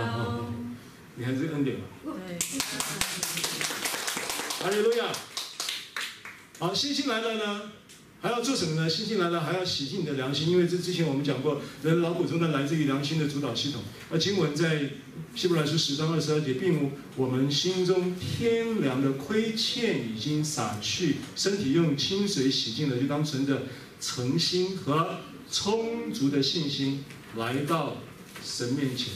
你看這個恩典嗎？對。哈利謝路亞。好，星星來了呢。還要做什麼呢？信心來了，還要洗淨你的良心，因為這之前我們講過，人老苦痛的來自於良心的主導系統。而經文在希伯來書十章二十二節，並我們心中天良的虧欠已經灑去，身體用清水洗淨了，就當存著誠心和充足的信心來到神面前。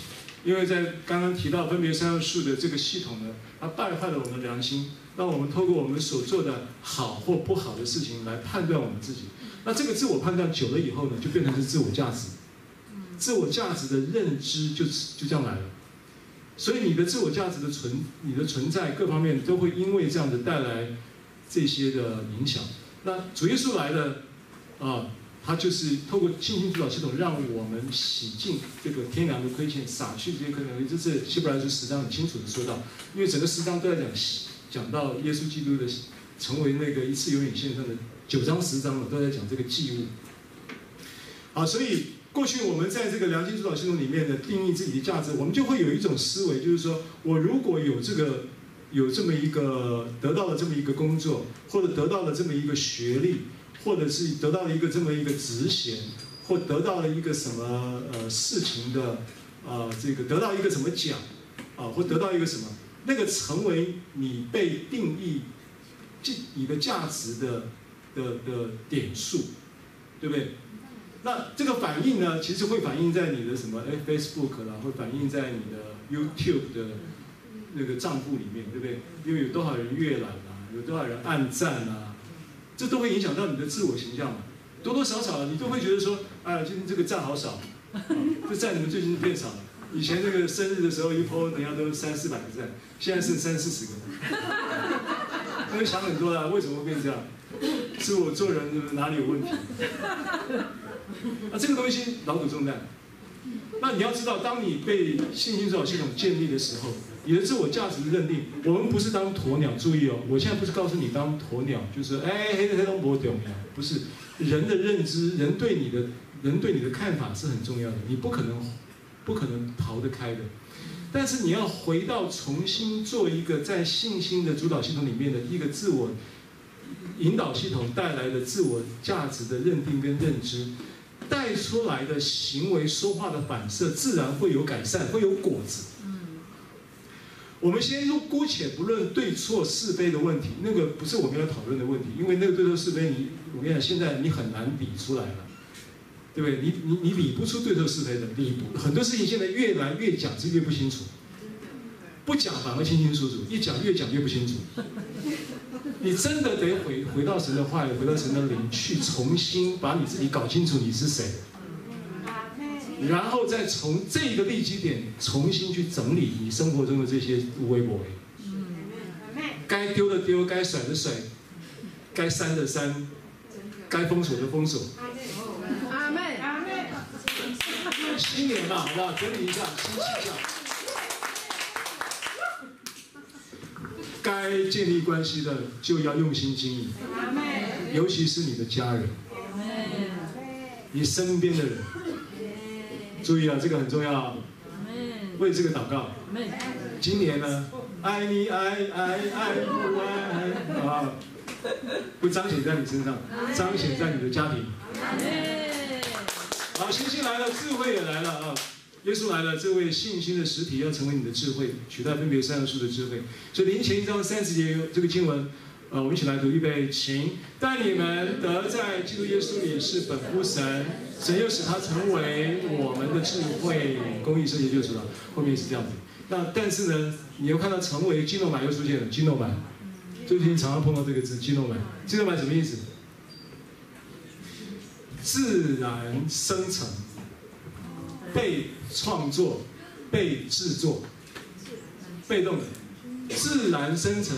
因為在剛剛提到分別三要素的這個系統呢，它敗壞了我們的良心。那我們透過我們所做的好或不好的事情來判斷我們自己，那這個自我判斷久了以後呢，就變成是自我價值，自我價值的認知就就這樣來了。所以你的自我價值的存，你的存在各方面都會因為這樣子帶來這些的影響。那主耶穌來了啊，他、呃、就是透過信心主導系統，讓我們洗淨這個天良的虧欠，灑去這些虧欠。這是希伯來書十章很清楚的說到，因為整個十章都在講。洗。講到耶穌基督的成為那個一次永遠獻上的九章十章了，我都在講這個祭物。好，所以過去我們在這個良心主導系統裡面的定義自己的價值，我們就會有一種思維，就是說我如果有這個有這麼一個得到了這麼一個工作，或者得到了這麼一個學歷，或者是得到了一個這麼一個職銜，或得到了一個什麼呃事情的呃這個得到一個什麼獎啊、呃，或得到一個什麼。那個成為你被定義，你的價值的的的點數，對不對？那這個反應呢，其實會反映在你的什麼？哎，Facebook 啦，會反映在你的 YouTube 的，那個賬戶裡面，對不對？因為有多少人閱覽啦、啊，有多少人按贊啦、啊，這都會影響到你的自我形象嘛。多多少少、啊，你都會覺得說，哎，今天這個贊好少，這、啊、贊怎麼最近變少了？以前這個生日的時候一拋，人家都三四百個讚，現在是三四十個，他 就 想很多了。為什麼會變這樣？是我做人哪裡有問題？ 啊，這個東西勞苦重擔。那你要知道，當你被信心系統建立的時候，你的自我價值的認定，我們不是當鴕鳥。注意哦，我現在不是告訴你當鴕鳥，就是哎黑黑龍博懂。不是人的認知，人對你的，人對你的看法是很重要的。你不可能。不可能逃得開的，但是你要回到重新做一個在信心的主導系統裡面的一個自我引導系統帶來的自我價值的認定跟認知，帶出來的行為說話的反射，自然會有改善，會有果子。我們先說姑且不論對錯是非的問題，那個不是我們要討論的問題，因為那個對錯是非你，我跟你講，現在你很難比出來了。對，對你你你理不出對錯是非的第一步，理不很多事情現在越來越講是越不清楚，不講反而清清楚楚，一講越講越不清楚。你真的得回回到神的話語，回到神的靈去，重新把你自己搞清楚你是誰，然後，再從這個立基點重新去整理你生活中的這些微博。該丟的丟，該甩的甩，該刪的刪，該封鎖的封鎖。新年嘛、啊，要整理一下，清洗一下。哦、該建立關係的就要用心經營，哎、尤其是你的家人，哎、你身邊的人。哎、注意啊，這個很重要。為這個禱告。哎、今年呢，愛你愛愛愛啊，不彰顯在你身上，彰顯在你的家庭。哎好、啊，信心來了，智慧也來了啊！耶穌來了，這位信心的實體要成為你的智慧，取代分別善惡樹的智慧。所以林前一章三十節這個經文，呃、啊，我們一起來讀，預備。請。但你們得在基督耶穌裡是本乎神，神又使他成為我們的智慧。公義、聖潔、救贖了，後面是這樣子。那但是呢，你又看到成為 Ginomai 又出現了。Ginomai，最近常常碰到這個字，Ginomai，Ginomai 什麼意思？自然生成，被創作、被製作、被動的，自然生成。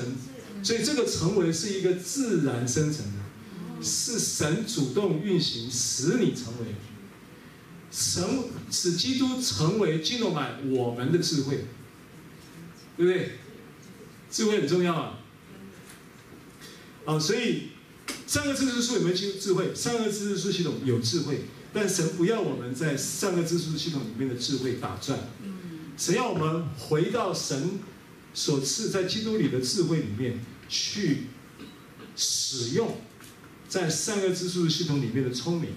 所以這個成為是一個自然生成的，是神主動運行，使你成為，神，使基督成為 Ginomai，我們的智慧，對不對？智慧很重要啊。哦，所以。善惡知識樹有沒有智智慧？善惡知識樹系統有智慧，但神不要我們在善惡知識樹系統裡面的智慧打轉，神要我們回到神所賜在基督裡的智慧裡面去使用，在善惡知識樹系統裡面的聰明。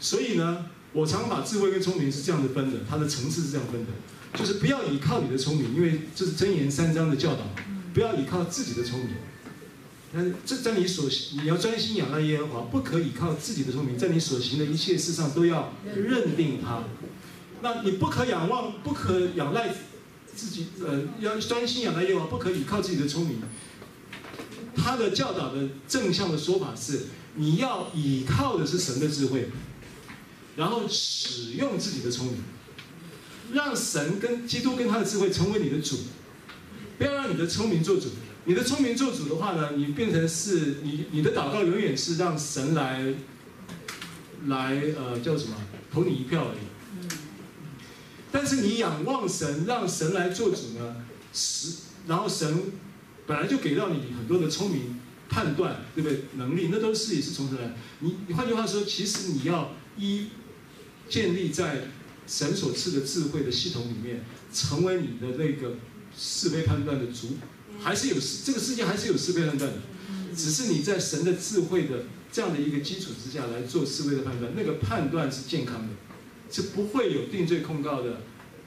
所以呢，我常把智慧跟聰明是這樣的分的，它的層次是這樣分的，就是不要倚靠你的聰明，因為這是箴言三章的教導，不要倚靠自己的聰明。但這在你所，你要專心仰賴耶和華，不可倚靠自己的聰明，在你所行的一切事上都要認定他。那你不可仰望，不可仰賴自己，呃，要專心仰賴耶和華，不可倚靠自己的聰明。他的教導的正向的說法是，你要倚靠的是神的智慧，然後使用自己的聰明，讓神跟基督跟他的智慧成為你的主，不要讓你的聰明做主。你的聰明做主的話呢，你變成是你，你的禱告永遠是讓神來，來呃叫什麼投你一票而已。但是你仰望神，讓神來做主呢，是然後神本來就給到你很多的聰明判斷，對不對？能力那都是也是從神來。你，你換句話說，其實你要一建立在神所賜的智慧的系統裡面，成為你的那個是非判斷的主。還是有世，這個世界還是有是非判斷的，只是你在神的智慧的這樣的一個基礎之下來做思維的判斷，那個判斷是健康的，是不會有定罪控告的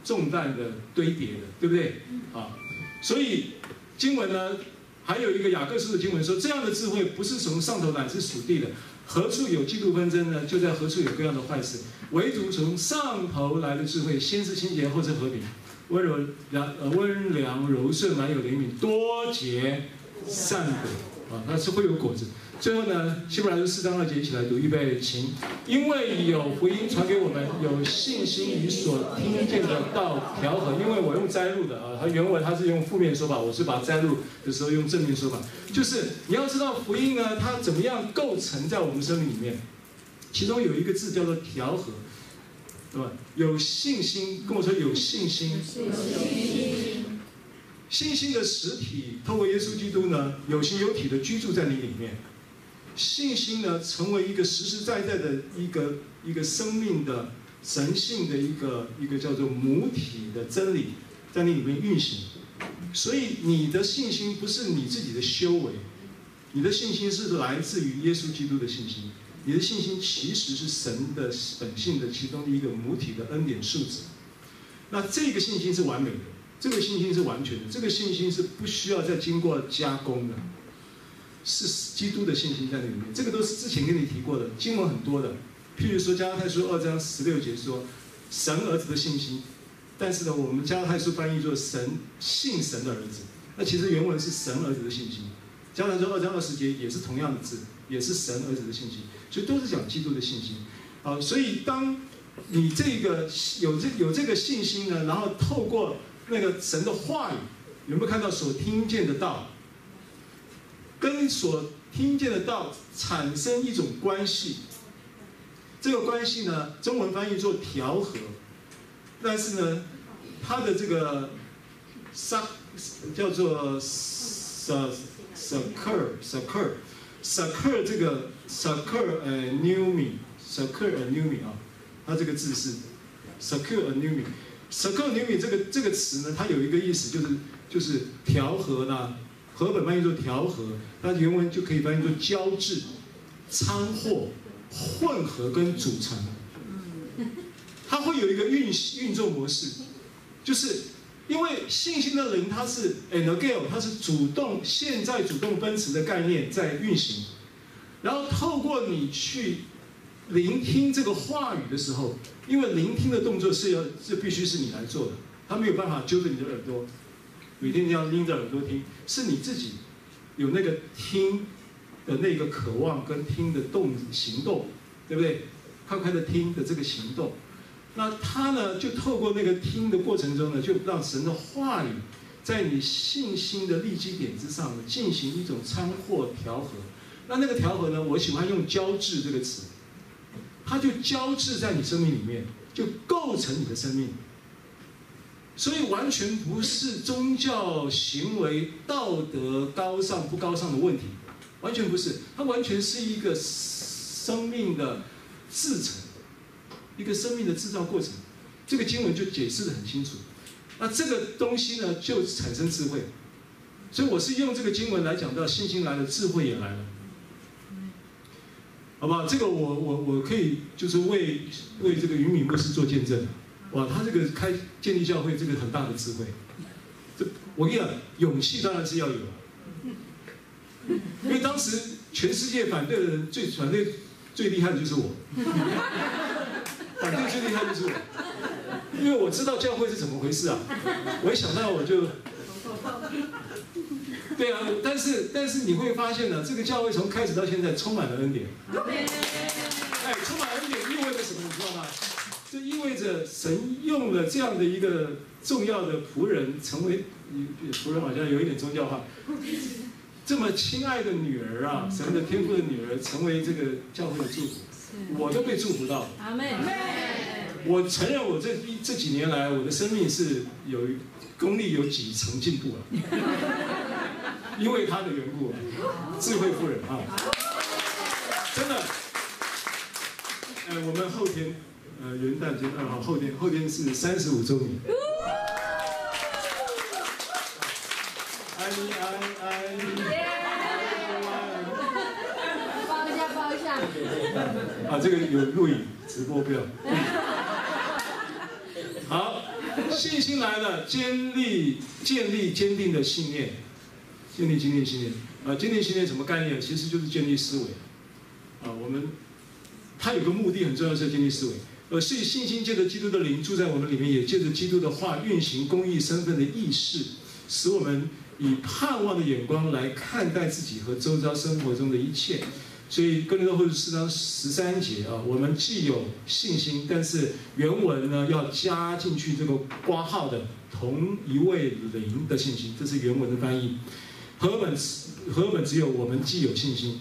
重擔的堆疊的，對不對？好，所以經文呢，還有一個雅各書的經文說，這樣的智慧不是從上頭來，是屬地的。何處有嫉妒紛爭呢？就在何處有各樣的壞事。唯獨從上頭來的智慧，先是清潔，後是和平。溫柔呃溫良柔順，滿有憐憫，多結善果啊，那是會有果子。最後呢，希伯來書四章二節一起來讀，預備請。因為有福音傳給我們，有信心與所聽見的道調和。因為我用摘錄的啊，他原文他是用負面說法，我是把摘錄的時候用正面說法。就是你要知道福音呢，它怎麼樣構成在我們生命裡面，其中有一個字叫做調和。對有信心，跟我說有信心。信心的信心的實體，透過耶穌基督呢，有形有體的居住在你裡面。信心呢，成為一個實實在在,在的一個一個生命的神性的一個一個叫做母體的真理，在你裡面運行。所以你的信心不是你自己的修為，你的信心是來自於耶穌基督的信心。你的信心其實是神的本性的其中的一個母體的恩典素質，那這個信心是完美的，這個信心是完全的，這個信心是不需要再經過加工的，是基督的信心在那裡面。這個都是之前跟你提過的經文很多的，譬如說《加拉太書》二章十六節說“神兒子的信心”，但是呢，我們《加拉太書》翻譯作“神信神的兒子”，那其實原文是“神兒子的信心”。《加拉太書》二章二十節也是同樣的字，也是“神兒子的信心”。所以都是講基督的信心，啊，所以當你這個有這有這個信心呢，然後透過那個神的話語，有沒有看到所聽見的道，跟所聽見的道產生一種關係？這個關係呢，中文翻譯做調和，但是呢，它的這個叫做 succur，succur，succur 這個。secure a new me，secure a new me 啊、哦，它這個字是 secure a new me，secure new me 這個這個詞呢，它有一個意思就是就是調和啦，和合本翻譯做調和，那原文就可以翻譯做交織、摻和、混合跟組成。它會有一個運行運作模式，就是因為信心的人他是 anagel，他是主動現在主動分詞的概念在運行。然後透過你去聆聽這個話語的時候，因為聆聽的動作是要是必須是你來做的，他沒有辦法揪着你的耳朵，每天要拎着耳朵聽，是你自己有那個聽的那個渴望跟聽的動行動，對不對？快快的聽的這個行動，那他呢就透過那個聽的過程中呢，就讓神的話語在你信心的立基點之上呢進行一種參和調和。那那個調和呢，我喜歡用交織這個詞，它就交織在你生命裡面，就構成你的生命。所以完全不是宗教行為道德高尚不高尚的問題，完全不是，它完全是一個生命的製成，一個生命的製造過程。這個經文就解釋得很清楚。那這個東西呢，就產生智慧。所以我是用這個經文來講到信心來了，智慧也來了。好吧，這個我我我可以就是為為這個雲敏牧師做見證哇，他這個開建立教會這個很大的智慧，這我跟你講，勇氣當然是要有，因為當時全世界反對的人最反對最厲害的就是我，反對最厲害就是我，因為我知道教會是怎麼回事啊，我一想到我就。對啊，但是但是你會發現呢、啊，這個教會從開始到現在充滿了恩典。啊、哎，充滿了恩典意味着什麼？你知道嗎？這意味着神用了這樣的一個重要的僕人，成為僕人好像有一點宗教化，這麼親愛的女兒啊，神的天父的女兒，成為這個教會的祝福，的我都被祝福到。阿、啊、妹。我承認我這這幾年來我的生命是有一。功力有幾層進步了？因為他的緣故，智慧夫人啊，真的，呃，我們後天，呃，元旦節二號後天，後天是三十五週年。安安安，抱一下，抱一下。啊，這個有錄影直播，不要。好。信心來了，建立，建立堅定的信念，建立堅定信念啊！堅定信念什麼概念？其實就是建立思維啊！我們它有個目的很重要，是建立思維。呃，所以信心借着基督的靈住在我們裡面，也借着基督的話運行公益身份的意識，使我們以盼望的眼光來看待自己和周遭生活中的一切。所以哥林多後書四章十三節啊，我們既有信心，但是原文呢要加進去這個括號的「同一位靈的信心，這是原文的翻譯。和合本，和合本只有我們既有信心，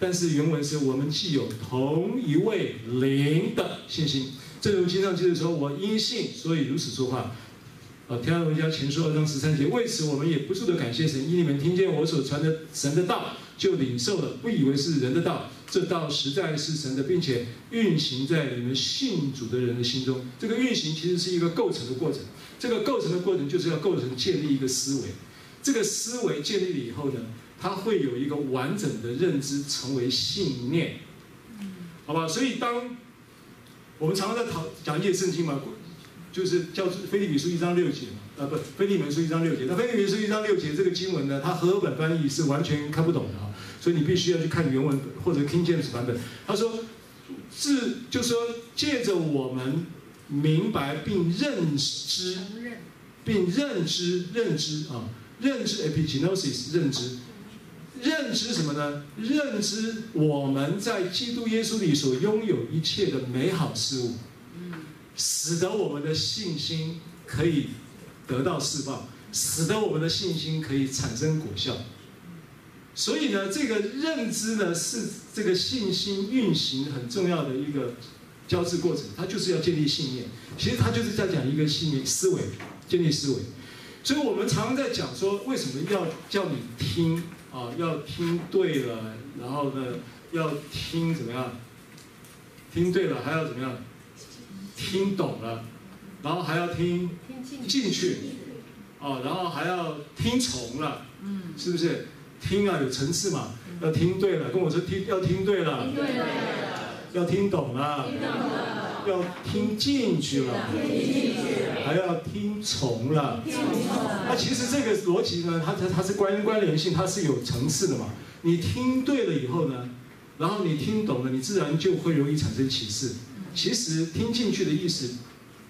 但是原文是我們既有同一位靈的信心。正如經上記著說我因信所以如此說話。呃，帖撒羅尼迦前書二章十三節，為此我們也不住的感謝神，因你們聽見我所傳的神的道。就領受了，不以為是人的道，這道實在是神的，並且運行在你們信主的人的心中。這個運行其實是一個構成的過程，這個構成的過程就是要構成建立一個思維，這個思維建立了以後呢，它會有一個完整的認知，成為信念，好吧？所以當我們常常在討、講一些聖經嘛，就是叫《腓立比書》一章六節嘛，啊不，《腓利門書》一章六節。那、啊《腓利門書一》書一章六節這個經文呢，它和合本翻譯是完全看不懂的啊。所以你必須要去看原文或者 King James 版本。他說：“是就說借着我們明白並認知，並認知認知啊，認知、哦、認知 epigenosis 認知，認知什麼呢？認知我們在基督耶穌裡所擁有一切的美好事物，使得我們的信心可以得到釋放，使得我們的信心可以產生果效。”所以呢，這個認知呢，是這個信心運行很重要的一個交織過程。它就是要建立信念，其實它就是在講一個信念思維，建立思維。所以我們常常在講說，為什麼要叫你聽啊、哦？要聽對了，然後呢，要聽怎麼樣？聽對了，還要怎麼樣？聽懂了，然後還要聽進去，啊、哦，然後還要聽從了，嗯，是不是？聽啊，有層次嘛，要聽對了，跟我說聽要聽對了，聽對了要聽懂了，聽懂了要聽進去了，去還要聽從了。了那其實這個邏輯呢，它它它是關關聯性，它是有層次的嘛。你聽對了以後呢，然後你聽懂了，你自然就會容易產生啟示。其實聽進去的意思，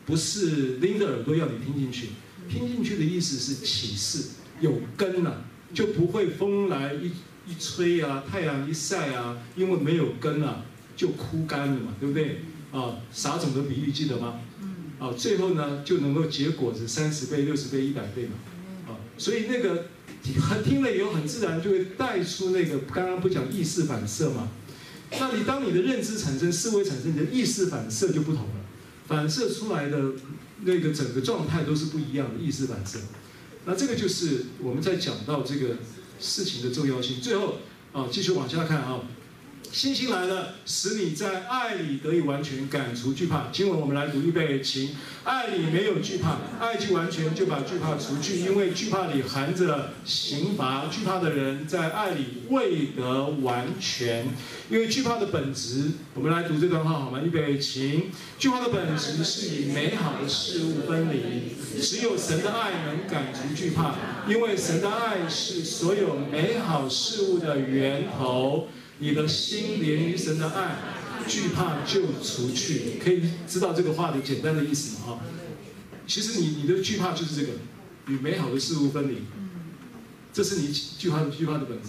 不是拎着耳朵要你聽進去，聽進去的意思是啟示有根了啊。就不會風來一一吹啊，太陽一曬啊，因為沒有根啊，就枯乾了嘛，對不對？啊，撒種的比喻記得嗎？啊，最後呢就能夠結果子三十倍、六十倍、一百倍嘛。啊，所以那個聽聽了以後很自然就會帶出那個剛剛不講意識反射嘛。那你當你的認知產生、思維產生，你的意識反射就不同了，反射出來的那個整個狀態都是不一樣的意識反射。那這個就是我們在講到這個事情的重要性。最後啊，繼續往下看啊、哦。星星來了，使你在愛裡得以完全感觸，趕除懼怕。今晚我們來讀預備，起，愛裡沒有懼怕，愛既完全就把懼怕除去。因為懼怕裡含着刑罰，懼怕的人在愛裡未得完全。因為懼怕的本質，我們來讀這段話好嗎？預備，起，懼怕的本質是以美好的事物分離。只有神的愛能趕除懼怕，因為神的愛是所有美好事物的源頭。你的心連於神的愛，懼怕就除去。可以知道這個話的簡單的意思嗎？啊，其實你你的懼怕就是這個，與美好的事物分離，這是你懼怕懼怕的本質。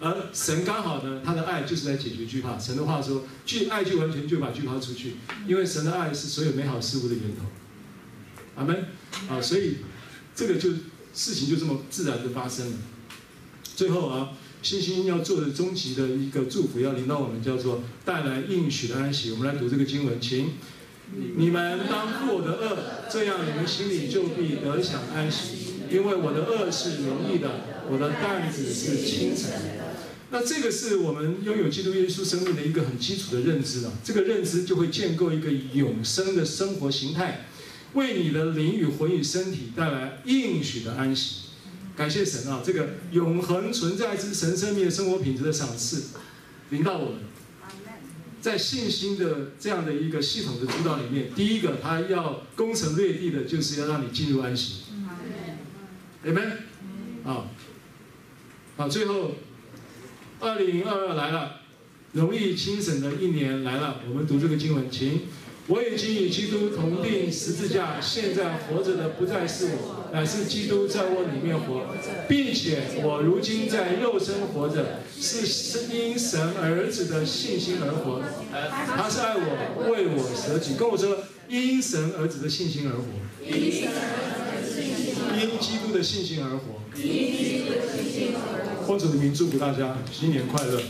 而神剛好呢，他的愛就是來解決懼怕。神的話說，懼愛就完全就把懼怕除去，因為神的愛是所有美好事物的源頭。阿門啊，所以這個就事情就這麼自然的發生了。最後啊。信心要做的終極的一個祝福要臨到我們，叫做帶來應許的安息。我們來讀這個經文，請你們當負我的軛，這樣你們心裡就必得享安息，因為我的軛是容易的，我的擔子是輕省的。那這個是我們擁有基督耶穌生命的一個很基礎的認知了、啊。這個認知就會建構一個永生的生活形態，為你的靈與魂與身體帶來應許的安息。感謝神啊，這個永恆存在之神生命的生活品質的賞賜，臨到我們。在信心的這樣的一個系統的主導裡面，第一個他要攻城略地的，就是要讓你進入安息。阿門。啊，好，最後，二零二二來了，容易輕省的一年來了，我們讀這個經文，請。我已經與基督同釘十字架，現在活着的不再是我，乃是基督在我裡面活，並且我如今在肉身活着，是是因神兒子的信心而活，他是愛我，為我舍己。跟我說，因神兒子的信心而活，因基督的信心而活。奉主的名祝福大家，新年快樂。